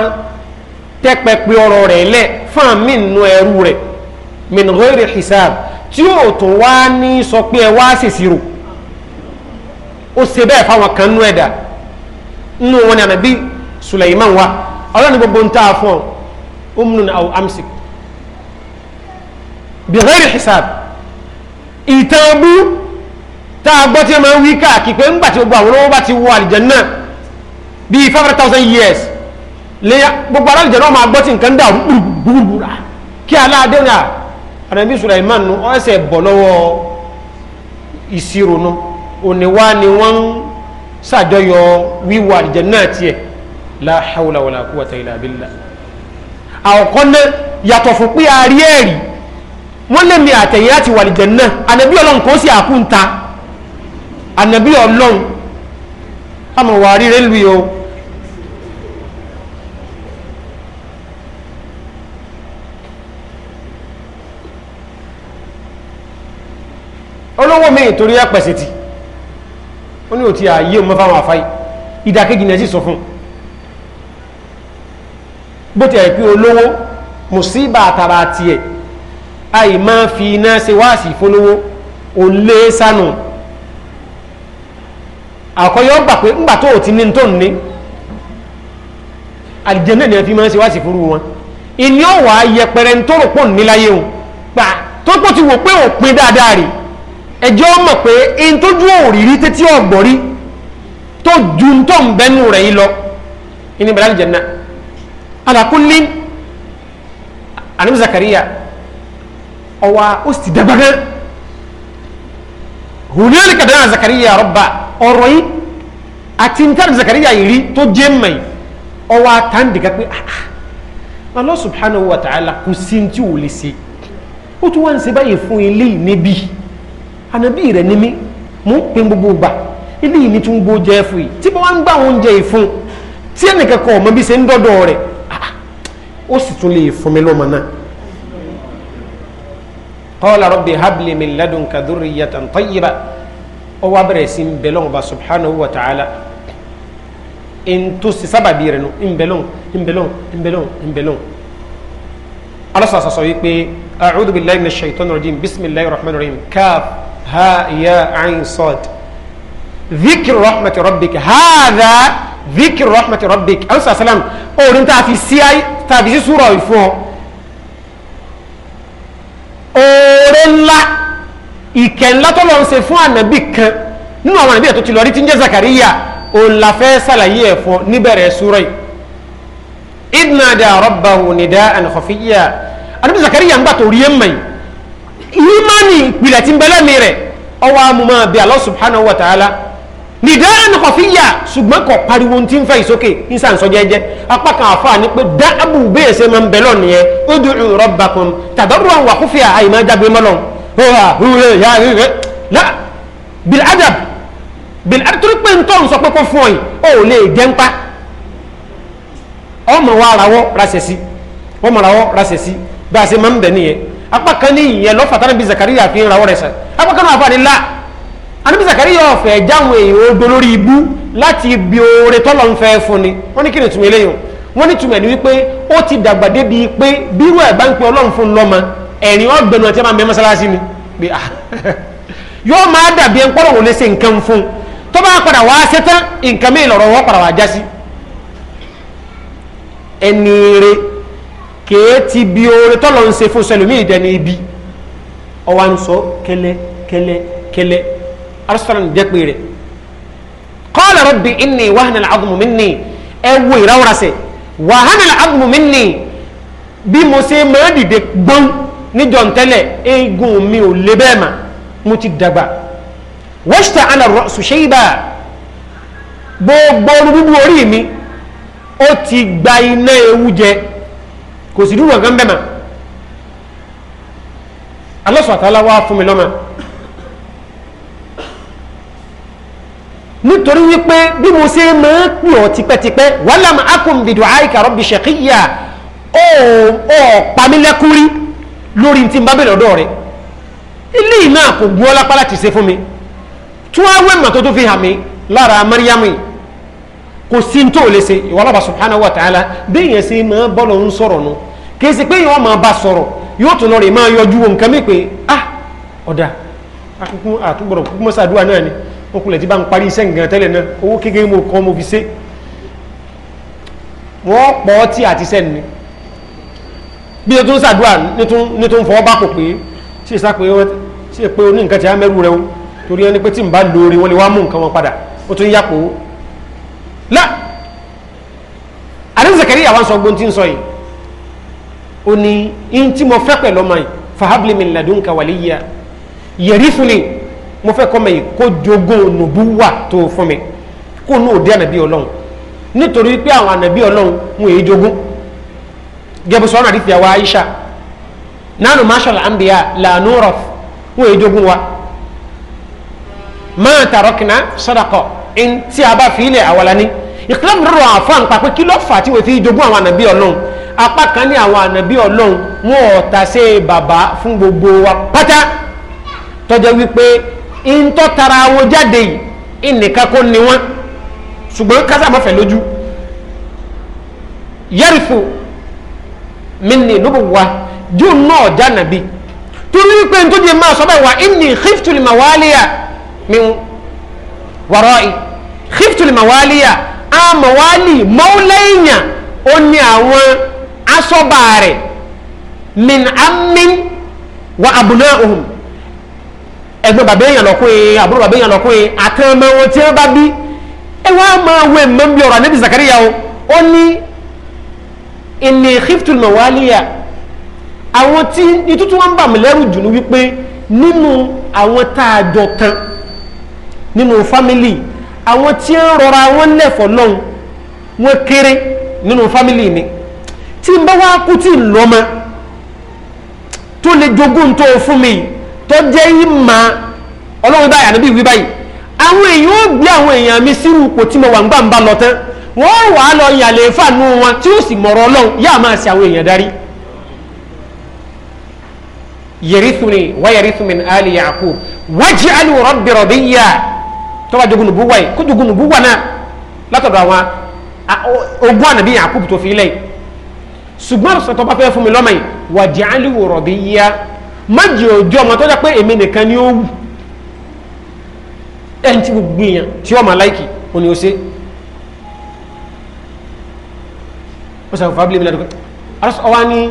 tẹ́pẹ̀pẹ́ ọ̀rọ̀ rẹ̀ lẹ̀ fún àmì nínú ẹrú rẹ̀ min ghairi hisab tí yóò tó wá ní sọ pé ẹ wá ṣèṣirò ó ṣe bẹ́ẹ̀ fáwọn kan nú ẹ̀dá nínú wọn ni ànábì suleiman wa ọlọ́ni gbogbo ń tà fún ọ umnun aw amsik bi ghairi hisab ìtàn bú tá a gbọ́ tí wọ́n máa ń wí káàkiri pé ńgbà tí gbogbo àwọn olówó bá ti wọ àlìjànnà bíi five hundred thousand years lè gbogbo ara àlìjànnà máa gbọ́ tí nǹkan dà gbúgbúra kí aláàdé náà àrẹ̀bí iman nu ọ̀sẹ̀ bọ̀ lọ́wọ́ ìṣirò nu òní wá ni wọ́n ń ṣàjọyọ̀ wíwọ àlìjànnà tiẹ̀ la hawla wala quwwata illa billah àkọ́kọ́ náà yàtọ̀ fún pé a rí ẹ̀rí wọ́n lè mi àtẹ̀yìn láti wà àlìjànnà ànàbí ọlọ́run kan sì àkúńta ànàbí ọlọ́run àmọ̀ wà rí rẹ́lùwì o olówó mi ìtorí ẹ̀pẹ̀sẹ̀ tì ó ní òtí ààyè ọmọ fáwọn àfáì ìdàkejì náà sì sọ fún bó ti ẹ̀ pé olówó mùsíbà àtàrà tiẹ̀ àì máa fi iná ṣe wáàsì fólówó ò lé sánú àkọyọ́ gbà pé ńgbà tó ti ní tó ní àlìjẹ́nà ni a fi máa ń ṣe wá sí fúru wọn ìní ọ̀wà yẹpẹrẹ ń tó rò pọ̀ níláyé òun gbà tó pọ̀ ti wò pé òpin dáadáa rè ẹjọ́ mọ̀ pé in tó ju òrìrí tẹ́tí ọ̀gbọ̀n rí tó ju ń tó ń bẹ́nu rẹ̀ yìí lọ ìní bẹ̀rẹ̀ àlìjẹ́nà alakulli anam zakariya ọwa ó sì ti dàgbà gan hùnú ẹ̀ríkà zakariya rọ́bà ọ̀rọ̀ yìí àti ntẹ́rẹ̀ zakariya yìí tó jẹ́ mọ̀ yìí ọwọ́ àtàndìgá pé ah, ah, Allah subhanahu wa ta'ala kò sí tí ò lè ṣe ó tún wá ń ṣe báyìí fún ilé yìí níbí ànábì rẹ̀ ní mí mò ń gbogbo gbà ilé yìí ní tún gbó jẹ́ fún yìí tí wọ́n ń gbà oúnjẹ yìí fún tí ẹnìkan kọ̀ ọmọ bí ṣe ń dọ́dọ̀ rẹ̀ ah, ó sì tún lè fún mi lọ́mọ náà qala rabbi habli min ladunka dhurriyatan tayyiba ó wá bẹ̀rẹ̀ sí ń bẹ lọ́wọ́ bá subhanahu wa ta'ala ntosi sábàbí rẹ̀ nù nbẹ̀lọ́n nbẹ̀lọ́n nbẹ̀lọ́n nbẹ̀lọ́n alasa sasọ yìí pé a'udhu billahi minash shaitan rajim bisimilayi rahman rahim kaf ha ya ayin sod dhikr rahmati rabbik hadha dhikr rahmati rabbik alasa salam orin tá a fi sí ayé fi sí súra ìfún ọ oore ńlá ìkẹ́ ńlá tọ́lọ́ ń ṣe fún ànábì kan nínú àwọn ànábì tó ti lọ rí tí ń jẹ́ Zakariya òun la fẹ́ ṣàlàyé ẹ̀ fún níbẹ̀rẹ̀ sura yìí idnada rabbahu nidaan khafiyya ànábì Zakariya ńgbà tó rí ẹ̀ mọ̀ yìí ìmánì ìpìlẹ̀ tí ń bẹ lẹ́mìí rẹ̀ ọwọ́ amúmọ́ bí Allah subhanahu wa ta'ala nidaan khafiyya ṣùgbọ́n kò pariwo ti ń fẹ́ ìsókè ìsànsọ húra húra ya rírẹ la bil adab bil adab torí pé ntọ́ nsọ pé kó fún ọ yìí ó lè jẹ́ ńpa ọmọ wa rawọ́ rasẹ̀ sí ọmọ rawọ́ rasẹ̀ sí bá a ṣe máa ń bẹ̀ nìyẹn apá kan ní ìyẹn lọ́fà tánà bí Zakariya fi ń rawọ́ rẹ̀ sẹ́ apá kan náà fàdí la anabi Zakariya ọ̀fẹ́ jáwọn èèyàn odò lórí ibú láti ibi oore tọ́lọ̀ ń fẹ́ fún ni wọ́n ní kí ni tùmí eléyìí wọ́n ní tùmí ẹni wípé ó ti dàgbà débi pé bírú ẹ̀ bá ń pe Ọlọ́run fún lọ́mọ ẹ̀rín ọ̀gbẹ̀nu àti ẹ̀ máa bẹ mọ́sálásí ni pé ah yóò máa dàbí ẹ̀ ń pọ́nrọ̀ wọlé ṣe nǹkan fún tó bá padà wá ṣe tán nǹkan mi lọ́rọ̀ wọ́n padà wá já sí ẹni rẹ kèé ti bi oore tọ́lọ̀ ń ṣe fún sẹlẹ̀mí ìdẹni ibi ọwọ́ ń sọ kẹlẹ́ kẹlẹ́ kẹlẹ́ arsalan dẹ́pẹ́ rẹ̀ qala rabbi inni wahana al-'azmu minni ẹ wo ìrawọ́rasẹ̀ wahana al-'azmu minni bí mo ṣe máa dìde gbọ́n níjọ ntẹ́lẹ̀ eégún mi ò lé bẹ́ẹ̀ mà mo ti dàgbà wọ́ṣítà alàrọ̀ ṣùṣẹ́yìbá gbogbo olúdúdú orí mi ó ti gba iná ewu jẹ kò sì dúró nǹkan bẹ́ẹ̀ mà alọ́sọ̀ àtàlá wá fún mi lọ́mọ nítorí wípé bí mo ṣe máa ń pè ọ́ tipẹ́tipẹ́ wàlámù akùnbìdù àìkà rọ́bì ṣèkìyà ó ó pamílẹ́kùrí lórí tí n bá bẹ̀rẹ̀ ọ̀dọ́ rẹ̀ ilé iná kò gún ọlápá láti ṣe fún mi tún awẹ́ màtó tó fi hàn mí lára mariamu kò sí n tó lè ṣe ìwà Allah subhanahu wa ta'ala bẹ́ẹ̀ yẹn ṣe máa bọ́lọ̀ ń sọ̀rọ̀ nu kì í ṣe pé yẹn wọ́n máa bá sọ̀rọ̀ yóò tún lọ rè máa yọjú wọn nǹkan pé ah ọ̀dà akókó àtúgbọ̀rọ̀ kókó mọ́sàdúrà náà ni wọn kulẹ̀ ti bá ń parí iṣẹ́ nǹkan tẹ́lẹ̀ náà owó kékeré mo kọ́ mo fi ṣe wọ́n pọ̀ ọtí àti sẹ́ni bí ètò ń sàdúrà nítún fọwọ́ bá kò pé sí ìsápẹ́ sí pé oní nǹkan ti á mẹ́rù rẹ o torí ẹni pé tí n bá lóore wọn lè wá mú nǹkan wọn padà ó tún yàpò lá àdéhùn Zakariya àwọn sọ gbóntì ń sọ yìí ó ní in tí mo fẹ́ pẹ̀lú ọmọ yìí fahabli min ladunka waliya yarithuni mo fẹ́ kọ́ mọ̀ yìí kó jogún nubuwa tó fún mi kó nù òde ànàbí ọlọ́run nítorí pé àwọn ànàbí ọlọ́run mo èé jogún gẹ́bù sọ́nà àdìsí àwa Aisha nánú marshal ambiya lànà rọf wọn èyí dogun wa máa tàrọkìnà sọdọkọ ntí a bá fi ilẹ̀ àwàlání ìkìlọ̀ mìíràn àfọ̀ nípa pé kí ló fà tí wọ́n fi dogun àwọn ànàbí ọlọ́run apá kan ní àwọn ànàbí ọlọ́run wọn ò ta sí bàbá fún gbogbo wa pátá tọ́jà wípé ntọ́ tara wọn jáde yìí ìnìkan kó ni wọn ṣùgbọ́n kásámọ́fẹ́ lójú yẹ́rìfù minni nubuwa june náà já nàbí torí pé n tó di máa sọ bẹ́ẹ̀ wá inni khiftul mawaliya min wara'i khiftul mawaliya a mawali mawlẹ́yìn ó ní àwọn asọ́bà rẹ̀ min amin wa abuna'uhum ẹgbẹ́ bàbá èèyàn lọ́kùnrin àbúrò bàbá èèyàn lọ́kùnrin àtẹnumọ́ wọn tí wọ́n bá bí ẹ wá máa wẹ̀ mọ́ bí ọ̀rọ̀ ànábì Zakariya o ó ìní khiftul mawaliya àwọn tí ìtútù wọn bà mí lẹ́rù jù ní wípé nínú àwọn tá a jọ kan nínú fámìlì àwọn tí ń rọra wọn lẹ́fọ̀ọ́ lọ́hùn wọn kéré nínú fámìlì mi tí n bá wá kú tí ń lọ́mọ tó lè jogún tó fún mi tó jẹ́ ìmọ̀ ọlọ́run báyìí ànábì wí báyìí àwọn èèyàn ó gbé àwọn èèyàn mi sírù kò tí mo wà ń gbà ń bá lọ tán wọ́n wà á lọ yàlẹ̀ fàánú wọn tí ó sì mọ̀rọ̀ ọlọ́run yá máa ṣe àwọn èèyàn darí yẹ̀rìtúni wáyẹ̀rìtúmi àlì yàkú wájú àlù rabbi rabiyya tọ́ba jogun nùbú wáyé kó jogun nùbú wà náà látọ̀dọ̀ àwọn ogún ànàbí yàkú tó fi lẹ́yìn ṣùgbọ́n àṣà tọ́ba fẹ́ fún mi lọ́mọ yìí wájú àlù rabiyya májì òjò ọmọ tó jẹ́ pé èmi nìkan ni ó wù ẹ̀ ń ti gbogbo èèyàn tí ọmọ aláìkì òní ó ṣe musa fabili mi ladugbe alawani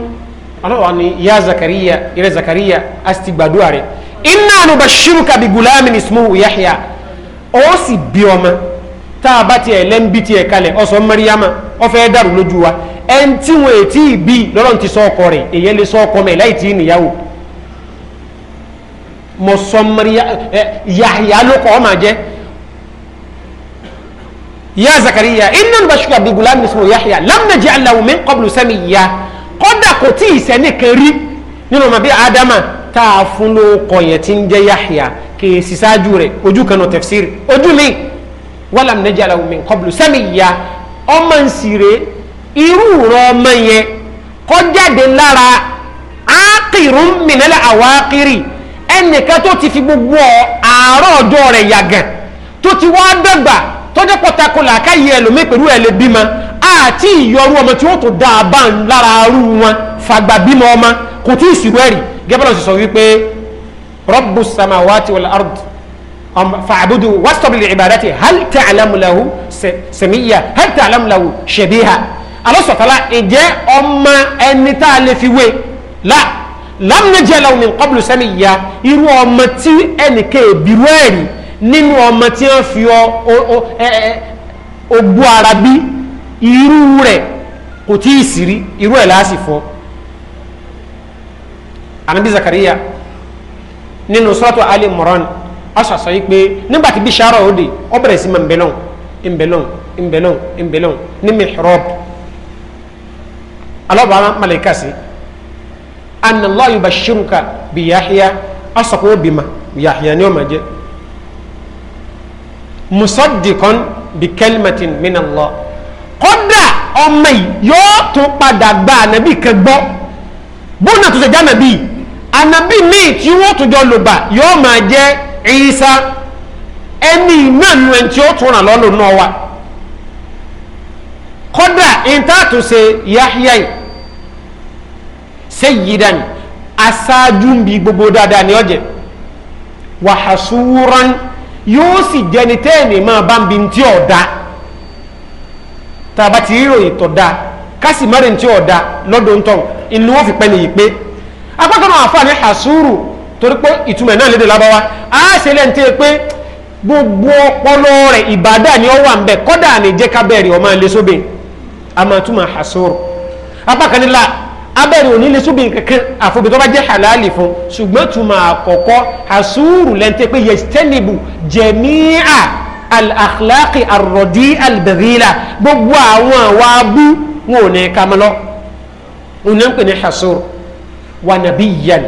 alawani ya zakariya yẹrẹ zakariya asiti gbaduwa rẹ̀ inna nubashiruka bi gulamin ismuhu yahya ó sì bí ọmọ tá a bá tiẹ̀ lẹ́ńbí tiẹ̀ kalẹ̀ ọ̀sọ̀ mẹ́ríyàmà ọ̀fẹ́ dàrú lójú wa ẹn tí wọn ètí ìbí lọ́rọ̀ ti sọ ọkọ rẹ̀ èyẹ lè sọ ọkọ mẹ́ láì tí níyàwó mọ̀ sọ mẹ́ríyà eh, yahya ló kọ́ ọ́ máa ya zakariya inna nubashuka bi gulam ismu yahya lam naj'al lahu min qablu samiyya kódà kò tí ì sẹ́nìkan rí nínú ọmọ bíi adama tá a fún ló kọ yẹn tí ń jẹ́ yahya kì í sì ṣáájú rẹ̀ ojú kan náà tafsir ojú mi walam naj'al lahu min qablu samiyya ọmọ ń sì rè irú rọ ọmọ yẹn kọjáde lára ákìrún mìnàlá àwákìrì ẹnìkan tó ti fi gbogbo àárọ̀ ọjọ́ rẹ̀ yàgàn tó ti wá dọ́gba tọ́jọ́ pọ̀tàkó làákàyè ẹlòmíì pẹ̀lú ẹ̀ lè bímọ àti ìyọrú ọmọ tí wọ́n tó da àbá lára arú wọn fàgbà bímọ ọmọ kò tí ì sùrù ẹ̀rì gẹ́gẹ́ bọ́lá sọ wípé rabbus samawati wal ard um, fa'budu wastabir li ibadati hal ta'lamu lahu samiyya hal ta'lamu lahu shabiha alọ́sọ̀tàlá ìjẹ́ ọmọ ẹni tá a lè fi wé la lam naj'al lahu min qablu irú ọmọ tí ẹnì kẹ́ẹ̀ bírú ẹ̀rì nínú ọmọ tí wọ́n fi ogbó ara bí irú rẹ̀ kò tí ì sí rí irú ẹ̀ láàsì fọ́ anabi zakariya nínú suratu ali moran aṣọ àṣọ yìí pé nígbàtí bí sàárọ̀ ó dé ọ bẹ̀rẹ̀ sí ma ń bẹ̀lọ́n ń bẹ̀lọ́n ń bẹ̀lọ́n ń bẹ̀lọ́n ní mihrab alọ́ba malayika sí anna Allah yubashiruka bi Yahya aṣọ kò bímọ Yahya ni ó ma jẹ́ musaddiqan bi kalimatin min Allah kódà ọmọ yìí yóò tún padà gba ànábì kan gbọ́ bóńdà tó ṣe jẹ́ ànábì ànábì míì tí wọ́n tún jọ lògbà yóò máa jẹ́ Ìsá ẹni náà nu ẹni tí ó tún ràn lọ́lọ́ náà wà kódà ìntàtù ṣe Yahya sayyidan aṣáájú ń bi gbogbo dáadáa ní ọjẹ wàhásúrán yóò sì jẹni tẹ́ẹ̀nì máa bá ń bi tí ọ̀dá tàbá ti ríròyìn tọ̀dá kásì mẹ́rin tí ọ̀dá lọ́dún tán inú wọn fi pẹ́ nìyí pé apákanáà àfáà ní àsúrù torí pé ìtumẹ̀ náà lédè lábáwá á ṣe lẹ́ntí pé gbogbo ọpọlọ rẹ̀ ìbàdà ni ó wà ń bẹ̀ kọ́dà ní jẹ́ kábẹ́ẹ̀rì ọmọ ilé sóbìn àmọ́ túmọ̀ àsúrù apákanáà abẹ́rẹ́ òní lè súnbìn kankan àfọ̀bí tó bá jẹ́ halali fún ṣùgbọ́n tuma àkọ́kọ́ àsúrù lẹ́ńtẹ́ pé yẹtẹ́nìbù jẹ̀míà al-akhlaqi arọ̀dí albẹ̀rìlà gbogbo àwọn àwa bú wọn ò ní kamalọ́ wọn ní ń pè ní hasur wa nàbí yẹn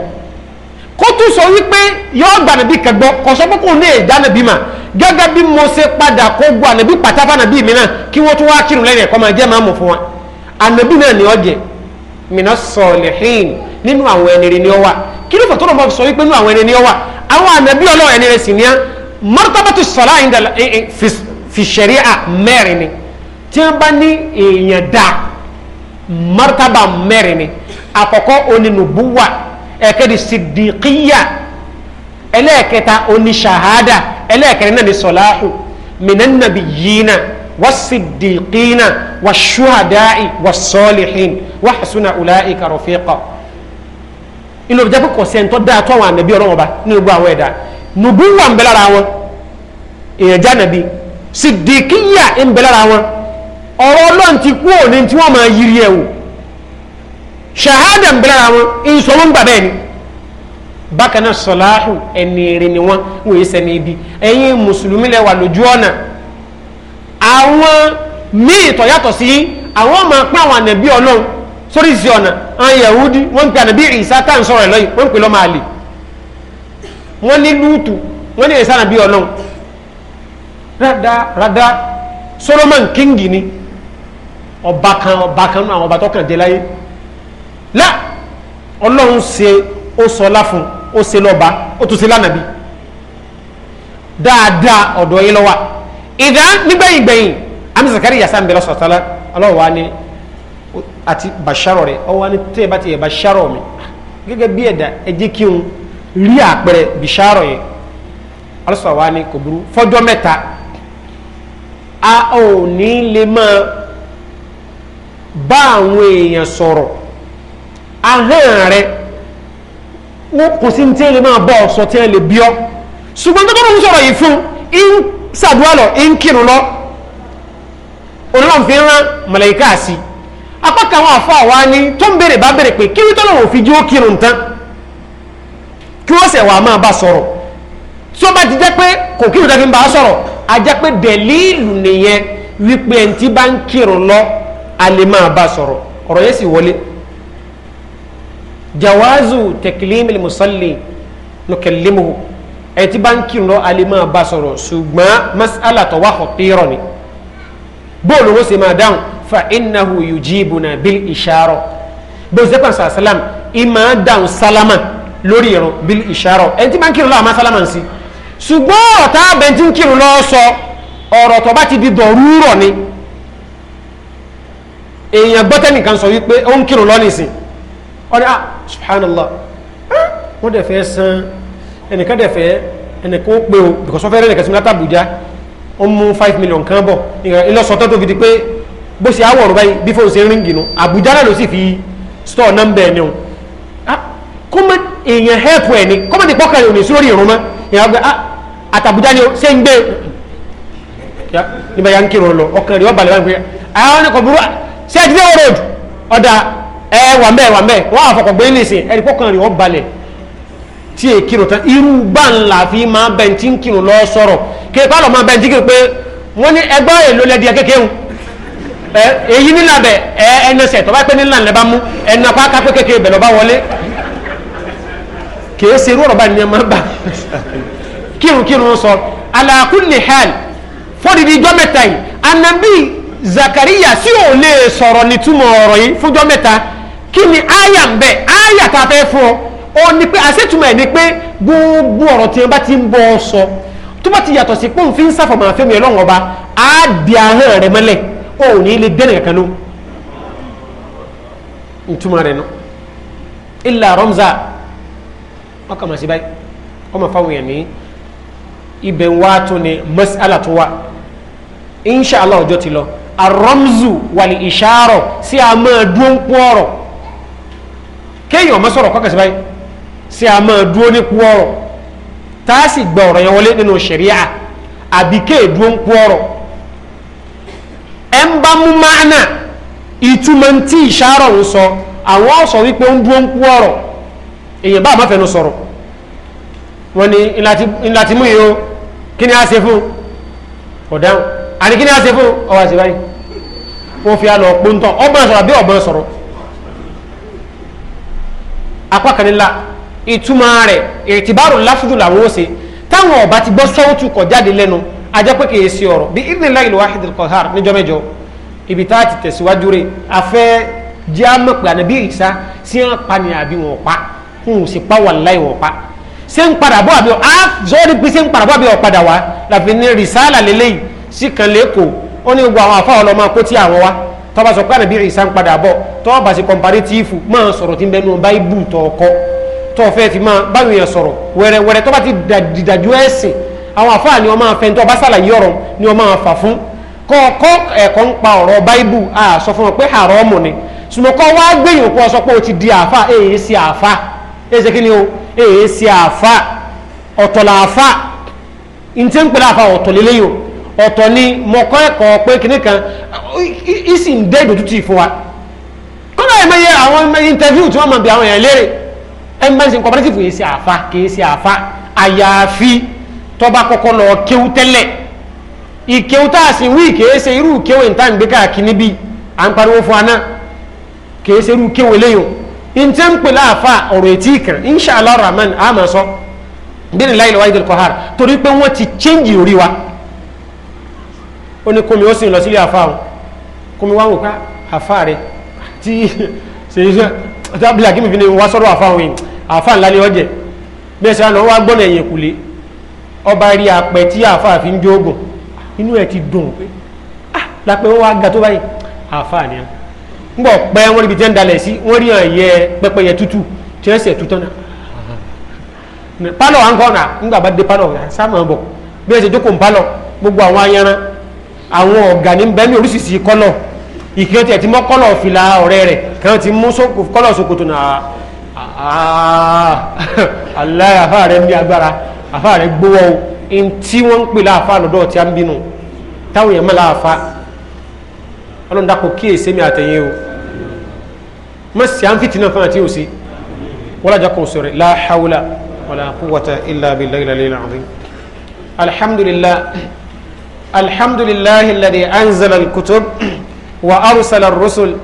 kó tún sọ wípé yóò gbà nàbí kẹgbọ́ kò sọ pé kò ní ìdá nàbí mà gẹ́gẹ́ bí mo ṣe padà kó gbà nàbí pàtàkì nàbí mi náà kí wọ́n tún wá kírun lẹ́yìn ẹ̀kọ́ máa jẹ́ máa mọ̀ fún wa ànàbí náà ni ọ jẹ́ minas salihin nínú àwọn ẹni rere ni ó wà kí ló fà tó lọ́ bá sọ wípé nínú àwọn ẹni ni ó wà àwọn ànábì ọlọ́ọ̀ ẹni rẹ̀ sì ní á martabatu sọlá eh, eh, fi ṣẹ̀ríà mẹ́rin ni tí wọ́n bá ní èèyàn dá martaba mẹ́rin ni àkọ́kọ́ onínubuwa ẹ̀kẹ́ni sidikiya ẹlẹ́ẹ̀kẹta oníṣahada ẹlẹ́ẹ̀kẹrin náà ni sọláhù minan nabiyina. والصديقين والشهداء والصالحين وحسن أولئك رفيقا inú ọjà pé kò sẹ́ni tó dáa tó àwọn ànàbí ọlọ́wọ́n ba nínú gbogbo àwọn ẹ̀dá nùbú wà ń bẹ lára wọn èèyàn já nàbí sìdìkìyà ń bẹ lára wọn ọ̀rọ̀ ọlọ́run ti kú òní tí wọ́n máa yiri ẹ̀ wò ṣàhádà ń bẹ lára wọn ìṣòwò ń bà bẹ́ẹ̀ ni bákan náà sọláhù ẹni èrè ni wọn wòye sẹ́ni ibi ẹ̀yin mùsùlùmí lẹ́wà lójú ọ̀nà àwọn míì tó yàtọ̀ sí àwọn ọmọ pín àwọn ànàbí ọlọ́run sórí ìsì ọ̀nà àwọn yahudi wọ́n ń pe ànàbí ìsá tá à ń sọ̀rọ̀ ẹ̀ lọ́yìn wọ́n ń pe lọ́mọ àlè wọ́n ní lúùtù wọ́n ní ìsá ànàbí ọlọ́run rádá rádá solomon kíngì ni ọba kan ọba kan nínú àwọn ọba tó kàn dé láyé lá ọlọ́run ṣe ó sọlá fún ó ṣe lọ́ba ó tún ṣe lánàbí dáadáa ọ̀dọ̀ yín lọ́wọ́ ìdá nígbẹ̀yìn gbẹ̀yìn àmì zakari yasa ń bẹ̀rẹ̀ sọ̀tàlá ọlọ́run wa ni àti bàṣárọ̀ rẹ̀ ọwọ́ ni tẹ́ bá ti yẹ bàṣárọ̀ mi gẹ́gẹ́ bí ẹ̀dá ẹ jẹ́ kí n rí àpẹẹrẹ bìṣárọ̀ yẹn alọ́sọ̀ wa ni kò burú fọ́jọ́ mẹ́ta a ò ní lè máa bá àwọn èèyàn sọ̀rọ̀ ahọ́n rẹ̀ wọ́n kò sí ní tí máa bọ́ ọ̀sọ̀ tí wọ́n ṣùgbọ́n tó kọ́ ló sọ̀rọ̀ yìí fún sàdúrà lọ ń kírun lọ olóòrùn fi rán màláíkà sí apá kan àwọn àfọ àwa ni tó ń béèrè bá béèrè pé kí wítọ́ lòun fi jí ó kírun tán kí wọ́n sẹ̀ wàá máa bá sọ̀rọ̀ tí ó bá ti jẹ́ pé kò kírun tán fi ń bá sọ̀rọ̀ a jẹ́ pé dẹ̀líìlù nìyẹn wípé ẹni bá ń kírun lọ a lè máa bá sọ̀rọ̀ ọ̀rọ̀ yẹn sì wọlé jawazu tekilimi musalli nukẹlimu. No ẹtí bá ń kírun lọ alẹ́ máa bá sọ̀rọ̀ ṣùgbọ́n mas'ala tó wà khatira ni bóòlù wọn sì máa dáhùn fa innahu yujibuna bil ishara bóòlù sẹ́kàn sọ àsálàm ìmọ̀ dáhùn sálámà lórí ìrun bil ishara ẹtí bá ń kírun lọ àmọ́ sálámà ń sí ṣùgbọ́n ọ̀tá abẹ́ntí ń kírun lọ sọ ọ̀rọ̀ tó bá ti di dọ̀rúrọ̀ ni èèyàn gbọ́tẹ́nìkan sọ wípé ó ń kírun lọ nìsín ọ̀rẹ́ ah subhanallah wọ́n dẹ̀ fẹ́ san ẹnìkan dẹ̀ fẹ́ ẹnìkan ó pé o because wọ́n fẹ́ rẹ́ mú five million kan bọ̀ ìlọsọ̀tọ́ tó fi di pé bó ṣe àwọ̀ ọ̀rọ̀ báyìí bí fóun ṣe ń ríngì nu àbújá náà ló sì fi store nọ́mbà ẹ̀ ni o kọ́mọ èèyàn help ẹ̀ ni kọ́mọ ti pọ́kàn òní sórí ìrún mọ́ èèyàn gbé àtàbújá ni o ṣé ń gbé nígbà yà ń kírun lọ ọkàn rẹ̀ ọ̀balẹ̀ wà ń pè é àwọn ọ̀nà kò burú ṣé ẹ ti dé wọ́n tí è kírun tán irú gbàǹlà fi máa bẹ̀ tí ń kírun lọ sọ̀rọ̀ kéèpá lọ́ máa bẹ̀ tí kírun pé wọ́n ní ẹgbẹ́ èlò lẹ́dí kékeré èyí nílà bẹ̀ ẹ ẹnẹsẹ̀ tọ́ba pé nílà lẹ́bà mú ẹnà pàákà pé kékeré bẹ̀ lọ́ba wọlé kèé serú ọ̀rọ̀ bá nìyẹn máa bà kírun kírun sọ alakunni hal fọdìdí ijọ́ mẹ́ta yìí anabi zakariya sí ò lè sọ̀rọ̀ nítumọ̀ ọ̀rọ̀ yìí fúnjọ́ mẹ́ta kí ni aya ń bẹ aya tá a fẹ́ fún ọ ó ní pé àṣetúmọ̀ ẹ̀ ni pé gbogbo ọ̀rọ̀ tí wọn bá ti ń bọ́ ọ sọ tó bá ti yàtọ̀ sí pé òfin sáfọ̀mọ̀ àfẹ́mi ọlọ́run ọba á di ahọ́n rẹ mọ́lẹ̀ ó ní ilé dẹ́nì kankan ló ìtumọ̀ rẹ̀ nù ilà rọ́mzà wọn kà mọ̀ sí báyìí wọn mọ̀ fáwọn yẹn ní ibẹ̀ wá tó ní mas'ala tó wà inṣàlá ọjọ́ ti lọ arọ́mzù wàlì ìṣàrọ̀ sí àmọ́ ẹ̀dúnpọ̀ ọ̀rọ̀ kéèyàn mọ́ kọ́kẹ́sí báyìí ṣé a máa dúró nípò ọ̀rọ̀ tá a sì gba ọ̀rọ̀ yẹn wọlé nínú ṣẹ̀ríà àbí kéè dúró nípò ọ̀rọ̀ ẹ̀ ń bá mú máàna ìtumọ̀ tí ìṣàrọ̀ ń sọ àwọn ọ̀sọ̀ wípé ń dúró nípò ọ̀rọ̀ èyàn bá àmọ́ fẹnu sọ̀rọ̀ wọ́n ní ìlà tí mú yìí o kí ni a ṣe fún ọ̀dáhùn àní kí ni a ṣe fún ọwọ́ àti báyìí wọ́n fi àlọ́ pọ́ńtọ́ ọgbọ́n sọ̀rọ̀ àbí ọgbọ́n sọ̀rọ̀ apá kan nílá ìtumọ̀ rẹ̀ ìtìbárò láfùdù làwọn ó ṣe táwọn ọba ti gbọ́ sọ́ọ̀tù kọ̀ jáde lẹ́nu ajẹ́ pé kìí ṣe ọ̀rọ̀ bí idhnillahi al-wahid al-qahhar níjọ́ mẹ́jọ ibi tá a ti tẹ̀síwájú rẹ̀ afẹ́ jẹ́ àmọ̀pẹ̀ ànábì ìsá sí ń pa ni àbí wọn pa ń sì pa wallahi wọn pa ṣé ń padà bọ́ àbí a zọ́ọ́rí pé ṣé ń padà bọ́ àbí ọ̀padà wá làfi ní rìsáàlà lélẹ́yìn sí kan lẹ́kọ̀ọ́ ó ní gbogbo àwọn àfáà ọlọ́mọ akó tí àwọn wá tọ́ba sọ pé ànábì ìsá ń padà bọ̀ tọ́ba sì kọ̀ǹparétífù máa sọ̀rọ̀ tí ń bẹnu báíbù tọ̀ ọkọ́ tọ́fẹ́ ti máa báwọn èèyàn sọ̀rọ̀ wẹ̀rẹ̀ wẹ̀rẹ̀ tó bá ti dìdàjú ẹ̀sìn àwọn àfáà ni wọ́n máa fẹ́ tó ọba sàlàyé ọ̀rọ̀ ni wọ́n máa fà fún kọ́ ẹ̀kọ́ ń pa ọ̀rọ̀ báíbù a sọ fún wọn pé háràmù ni sùmọ́kọ́ wá gbẹ̀yìn kó sọ pé o ti di àfà e èyí sí àfà èyí e sí kíni o e èyí sí àfà ọ̀tọ̀ là àfà ntí ń pèlè àfà ọ̀tọ̀ lélẹ́yìn o ọ̀tọ̀ ni mọ̀kọ́ ẹ̀kọ́ pé kíní kan ìsìn dẹ́ ìdòtútù ìfowá kọ́nà ẹ̀mẹ́yẹ àwọn interview tí wọ́n máa bi àwọn èèyàn léèrè ẹnbẹ́nsìn cooperative yìí ṣe àfa kìí ṣe àfa àyàfi tọ́ba kọ́kọ́ lọ kéwú tẹ́lẹ̀ ìkéwú tá a sì wí kìí ṣe irú kéwú ìta ń gbé káàkiri níbí à ń pariwo fún aná kìí ṣe irú kéwú eléyò ntẹ́ ń pè láàfa ọ̀rọ̀ ètí ìkìrì inṣàlá rahman àmọ́ sọ bí nìlá ìlú wáyé kọ́hár torí pé wọ́n ti change orí wa ó ní kómi ó sì lọ sílé àfa o kómi wá wò ká àfa rẹ tí ṣèyí tábìlì akíní fi lè wá sọ́dọ̀ àfáwọn yìí àfáà ńlá ni ọ̀jẹ̀ bí ẹsẹ̀ àná wá gbọ́nà ẹ̀yìn kùlé ọba rí apẹ tí àfáà fi ń jó oògùn inú ẹ̀ ti dùn pé ah lápẹ́ wọn wá ga tó báyìí àfáà ni ń bọ̀ pẹ́ wọ́n ríbi tẹ́ ń dalẹ̀ sí wọ́n rí ẹ̀yẹ pẹ́pẹ́yẹ tútù tí ẹsẹ̀ tútọ́ náà pálọ̀ à ń kọ́ náà ńgbà bá dé pálọ̀ sáàmù ọ̀bọ̀ bí ẹsẹ̀ jókòó ń pálọ̀ gbogbo àwọn ayanran àwọn ọ̀gá ní bẹ́ẹ̀ ní oríṣiríṣi kọ́lọ̀ ìkíni ọtí ẹtí mọ kọlọ fìlà ọ̀rẹ́ rẹ̀ kí wọn ti mú kọlọ ṣòkòtò náà aláì àfa rẹ ń bí agbára àfa rẹ gbówó o ntí wọn ń pè láàfa lọ́dọ̀ ọtí à ń bínú táwọn yẹn mọ láàfa Ọlọ́run dàpọ kí èsè mi àtẹyìn o mọ sí à ń fìtì náà fún àti òsì wọlé àjọkọ òsèré láhàwùlà wàlà quwwata illa billahi al-aliyyil azim alhamdulillah alhamdulillahi alladhi anzala al-kutub. وأرسل الرسل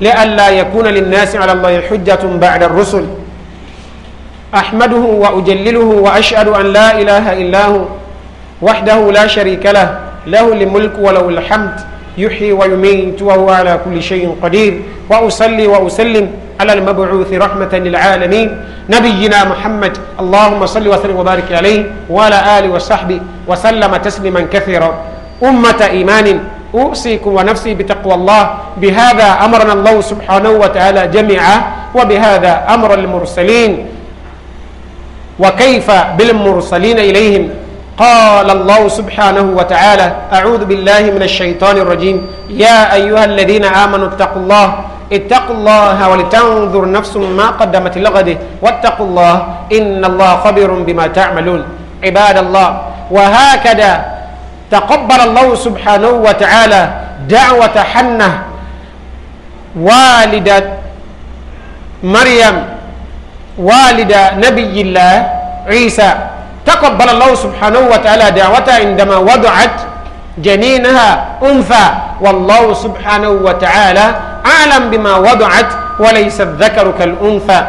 لئلا يكون للناس على الله حجة بعد الرسل أحمده وأجلله وأشهد أن لا إله إلا هو وحده لا شريك له له الملك وله الحمد يحيي ويميت وهو على كل شيء قدير وأصلي وأسلم على المبعوث رحمة للعالمين نبينا محمد اللهم صل وسلم وبارك عليه وعلى آله وصحبه وسلم تسليما كثيرا أمة إيمان أوصيكم ونفسي بتقوى الله بهذا أمرنا الله سبحانه وتعالى جميعا وبهذا أمر المرسلين وكيف بالمرسلين إليهم قال الله سبحانه وتعالى أعوذ بالله من الشيطان الرجيم يا أيها الذين آمنوا اتقوا الله اتقوا الله ولتنظر نفس ما قدمت لغده واتقوا الله إن الله خبير بما تعملون عباد الله وهكذا تقبل الله سبحانه وتعالى دعوة حنة والدة مريم والدة نبي الله عيسى تقبل الله سبحانه وتعالى دعوتها عندما وضعت جنينها أنثى والله سبحانه وتعالى أعلم بما وضعت وليس الذكر كالأنثى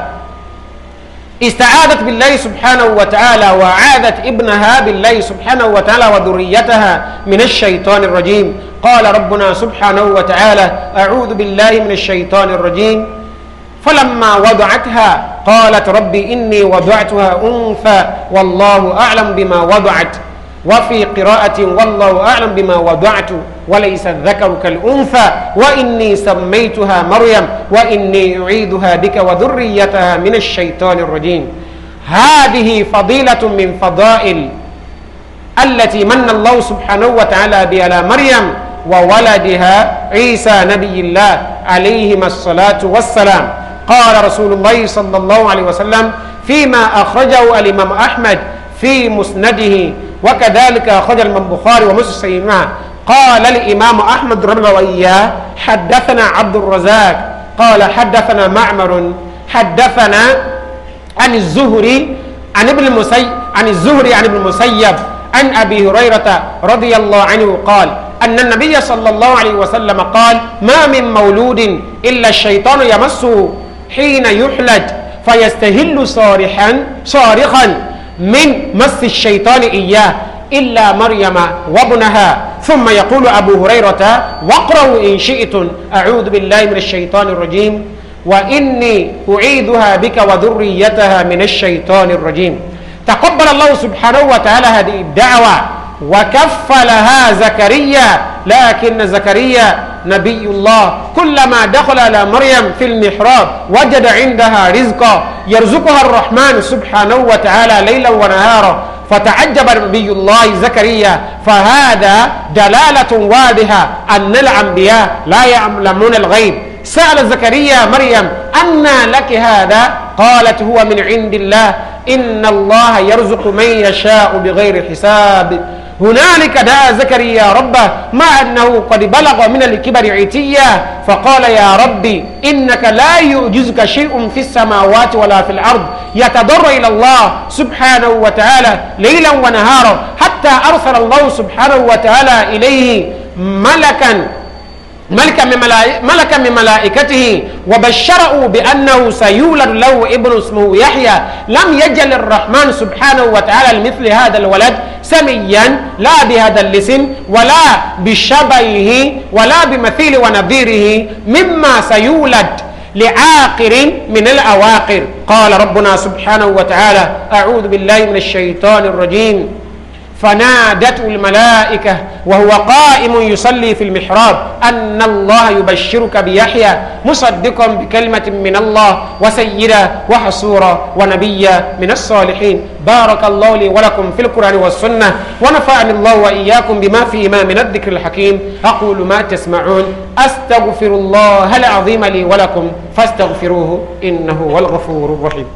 استعاذت بالله سبحانه وتعالى وعادت ابنها بالله سبحانه وتعالى وذريتها من الشيطان الرجيم قال ربنا سبحانه وتعالى أعوذ بالله من الشيطان الرجيم فلما وضعتها قالت ربي إني وضعتها أنثى والله أعلم بما وضعت وفي قراءة والله أعلم بما وضعت وليس الذكر كالأنثى وإني سميتها مريم وإني أعيدها بك وذريتها من الشيطان الرجيم هذه فضيلة من فضائل التي من الله سبحانه وتعالى بها مريم وولدها عيسى نبي الله عليهما الصلاة والسلام قال رسول الله صلى الله عليه وسلم فيما أخرجه الإمام أحمد في مسنده وكذلك أخرج البخاري ومسلم معه قال الإمام أحمد رحمه وإياه حدثنا عبد الرزاق قال حدثنا معمر حدثنا عن الزهري عن ابن المسيب عن الزهري عن ابن المسيب عن أبي هريرة رضي الله عنه قال أن النبي صلى الله عليه وسلم قال ما من مولود إلا الشيطان يمسه حين يحلج فيستهل صارحا صارخا من مس الشيطان إياه إلا مريم وابنها ثم يقول أبو هريرة واقرأوا إن شئتم أعوذ بالله من الشيطان الرجيم وإني أعيدها بك وذريتها من الشيطان الرجيم تقبل الله سبحانه وتعالى هذه الدعوة وكفلها زكريا لكن زكريا نبي الله كلما دخل على مريم في المحراب وجد عندها رزقا يرزقها الرحمن سبحانه وتعالى ليلا ونهارا فتعجب نبي الله زكريا فهذا دلالة واضحة أن الأنبياء لا يعلمون الغيب سأل زكريا مريم أنى لك هذا قالت هو من عند الله إن الله يرزق من يشاء بغير حساب هنالك دعا زكريا ربه مع أنه قد بلغ من الكبر عتيا فقال يا ربي إنك لا يعجزك شيء في السماوات ولا في الأرض يتضر إلى الله سبحانه وتعالى ليلا ونهارا حتى أرسل الله سبحانه وتعالى إليه ملكا ملكا من ملكا من ملائكته وبشروا بأنه سيولد له ابن اسمه يحيى لم يجل الرحمن سبحانه وتعالى لمثل هذا الولد سميا لا بهذا اللسن ولا بشبهه ولا بمثيل ونظيره مما سيولد لعاقر من الأواقر قال ربنا سبحانه وتعالى أعوذ بالله من الشيطان الرجيم فنادته الملائكة وهو قائم يصلي في المحراب أن الله يبشرك بيحيى مصدقا بكلمة من الله وسيدا وحصورا ونبيا من الصالحين بارك الله لي ولكم في القرآن والسنة ونفعني الله وإياكم بما فيهما من الذكر الحكيم أقول ما تسمعون أستغفر الله العظيم لي ولكم فاستغفروه إنه هو الغفور الرحيم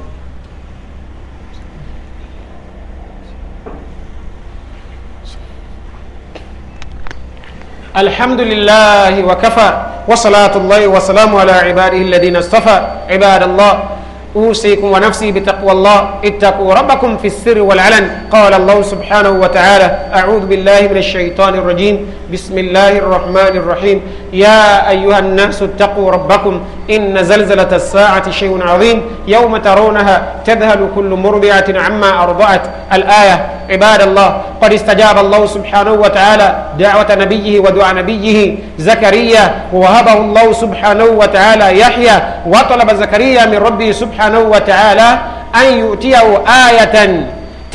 الحمد لله وكفى وصلاة الله وسلام على عباده الذين اصطفى عباد الله أوصيكم ونفسي بتقوى الله اتقوا ربكم في السر والعلن قال الله سبحانه وتعالى أعوذ بالله من الشيطان الرجيم بسم الله الرحمن الرحيم يا أيها الناس اتقوا ربكم إن زلزلة الساعة شيء عظيم يوم ترونها تذهل كل مرضعة عما أرضعت الآية عباد الله قد استجاب الله سبحانه وتعالى دعوة نبيه ودعاء نبيه زكريا وهبه الله سبحانه وتعالى يحيى وطلب زكريا من ربه سبحانه سبحانه وتعالى أن يؤتيه آية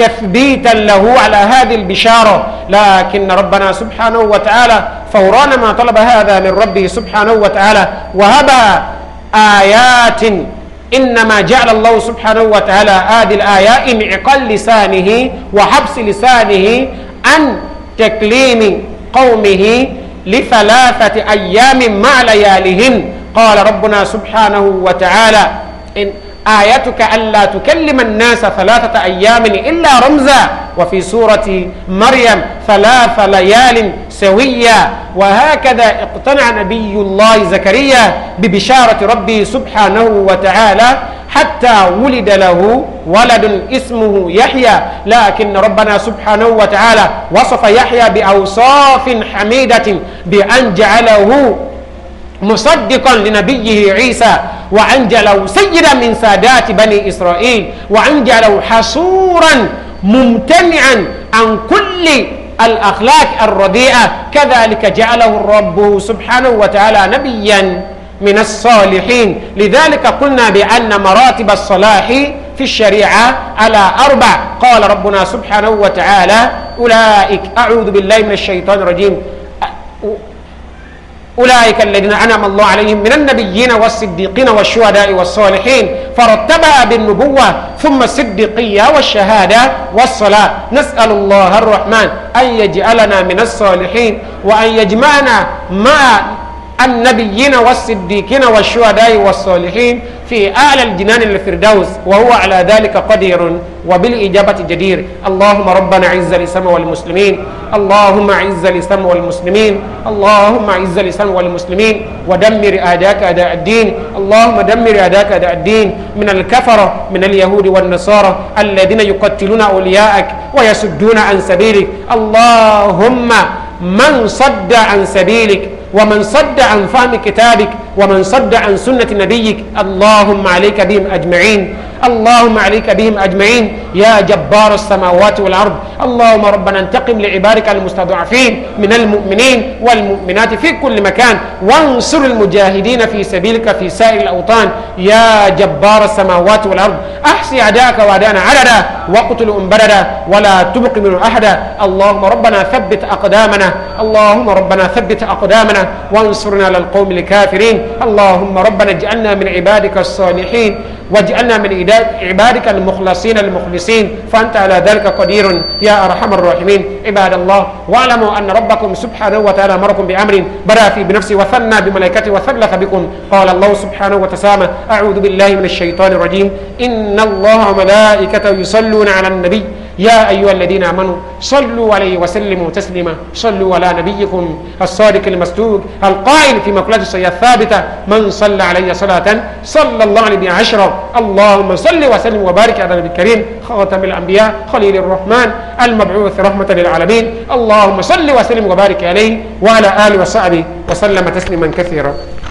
تثبيتا له على هذه البشارة لكن ربنا سبحانه وتعالى فوران ما طلب هذا من ربه سبحانه وتعالى وهب آيات إنما جعل الله سبحانه وتعالى هذه الآية عقل لسانه وحبس لسانه عن تكليم قومه لثلاثة أيام مع ليالهم قال ربنا سبحانه وتعالى إن آيتك ألا تكلم الناس ثلاثة أيام إلا رمزا وفي سورة مريم ثلاث ليال سويا وهكذا اقتنع نبي الله زكريا ببشارة ربه سبحانه وتعالى حتى ولد له ولد اسمه يحيى لكن ربنا سبحانه وتعالى وصف يحيى بأوصاف حميدة بأن جعله مصدقا لنبيه عيسى وأنجله سيدا من سادات بني إسرائيل وأنجله حصورا ممتنعا عن كل الأخلاق الرديئة كذلك جعله الرب سبحانه وتعالى نبيا من الصالحين لذلك قلنا بأن مراتب الصلاح في الشريعة على أربع قال ربنا سبحانه وتعالى أولئك أعوذ بالله من الشيطان الرجيم أولئك الذين أنعم الله عليهم من النبيين والصديقين والشهداء والصالحين فرتبها بالنبوة ثم الصديقية والشهادة والصلاة نسأل الله الرحمن أن يجعلنا من الصالحين وأن يجمعنا مع النبيين والصديقين والشهداء والصالحين في أعلى الجنان الفردوس وهو على ذلك قدير وبالإجابة جدير اللهم ربنا عز الإسلام والمسلمين اللهم عز الإسلام والمسلمين اللهم عز الإسلام والمسلمين ودمر أعداءك أداء الدين اللهم دمر أعداءك أداء الدين من الكفرة من اليهود والنصارى الذين يقتلون أولياءك ويسدون عن سبيلك اللهم من صد عن سبيلك ومن صد عن فهم كتابك ومن صد عن سنة نبيك اللهم عليك بهم أجمعين اللهم عليك بهم أجمعين يا جبار السماوات والأرض اللهم ربنا انتقم لعبادك المستضعفين من المؤمنين والمؤمنات في كل مكان وانصر المجاهدين في سبيلك في سائر الأوطان يا جبار السماوات والأرض أحصي أعداءك وأعداءنا عددا واقتل أنبردا ولا تبق من أحدا اللهم ربنا ثبت أقدامنا اللهم ربنا ثبت أقدامنا وانصرنا للقوم الكافرين اللهم ربنا اجعلنا من عبادك الصالحين واجعلنا من عبادك المخلصين المخلصين فأنت على ذلك قدير يا أرحم الراحمين عباد الله واعلموا أن ربكم سبحانه وتعالى أمركم بأمر بدأ في بنفسه وثنى بملائكته وثلث بكم قال الله سبحانه وتسامى أعوذ بالله من الشيطان الرجيم إن الله وملائكته يصلون على النبي يا أيها الذين آمنوا صلوا عليه وسلموا تسليما صلوا على نبيكم الصادق المصدوق القائل في مقولة الصحيحة الثابتة من صلى علي صلاة صلى الله عليه بها عشرة اللهم صل وسلم وبارك على النبي الكريم خاتم الأنبياء خليل الرحمن المبعوث رحمة للعالمين اللهم صل وسلم وبارك عليه وعلى آله وصحبه وسلم تسليما كثيرا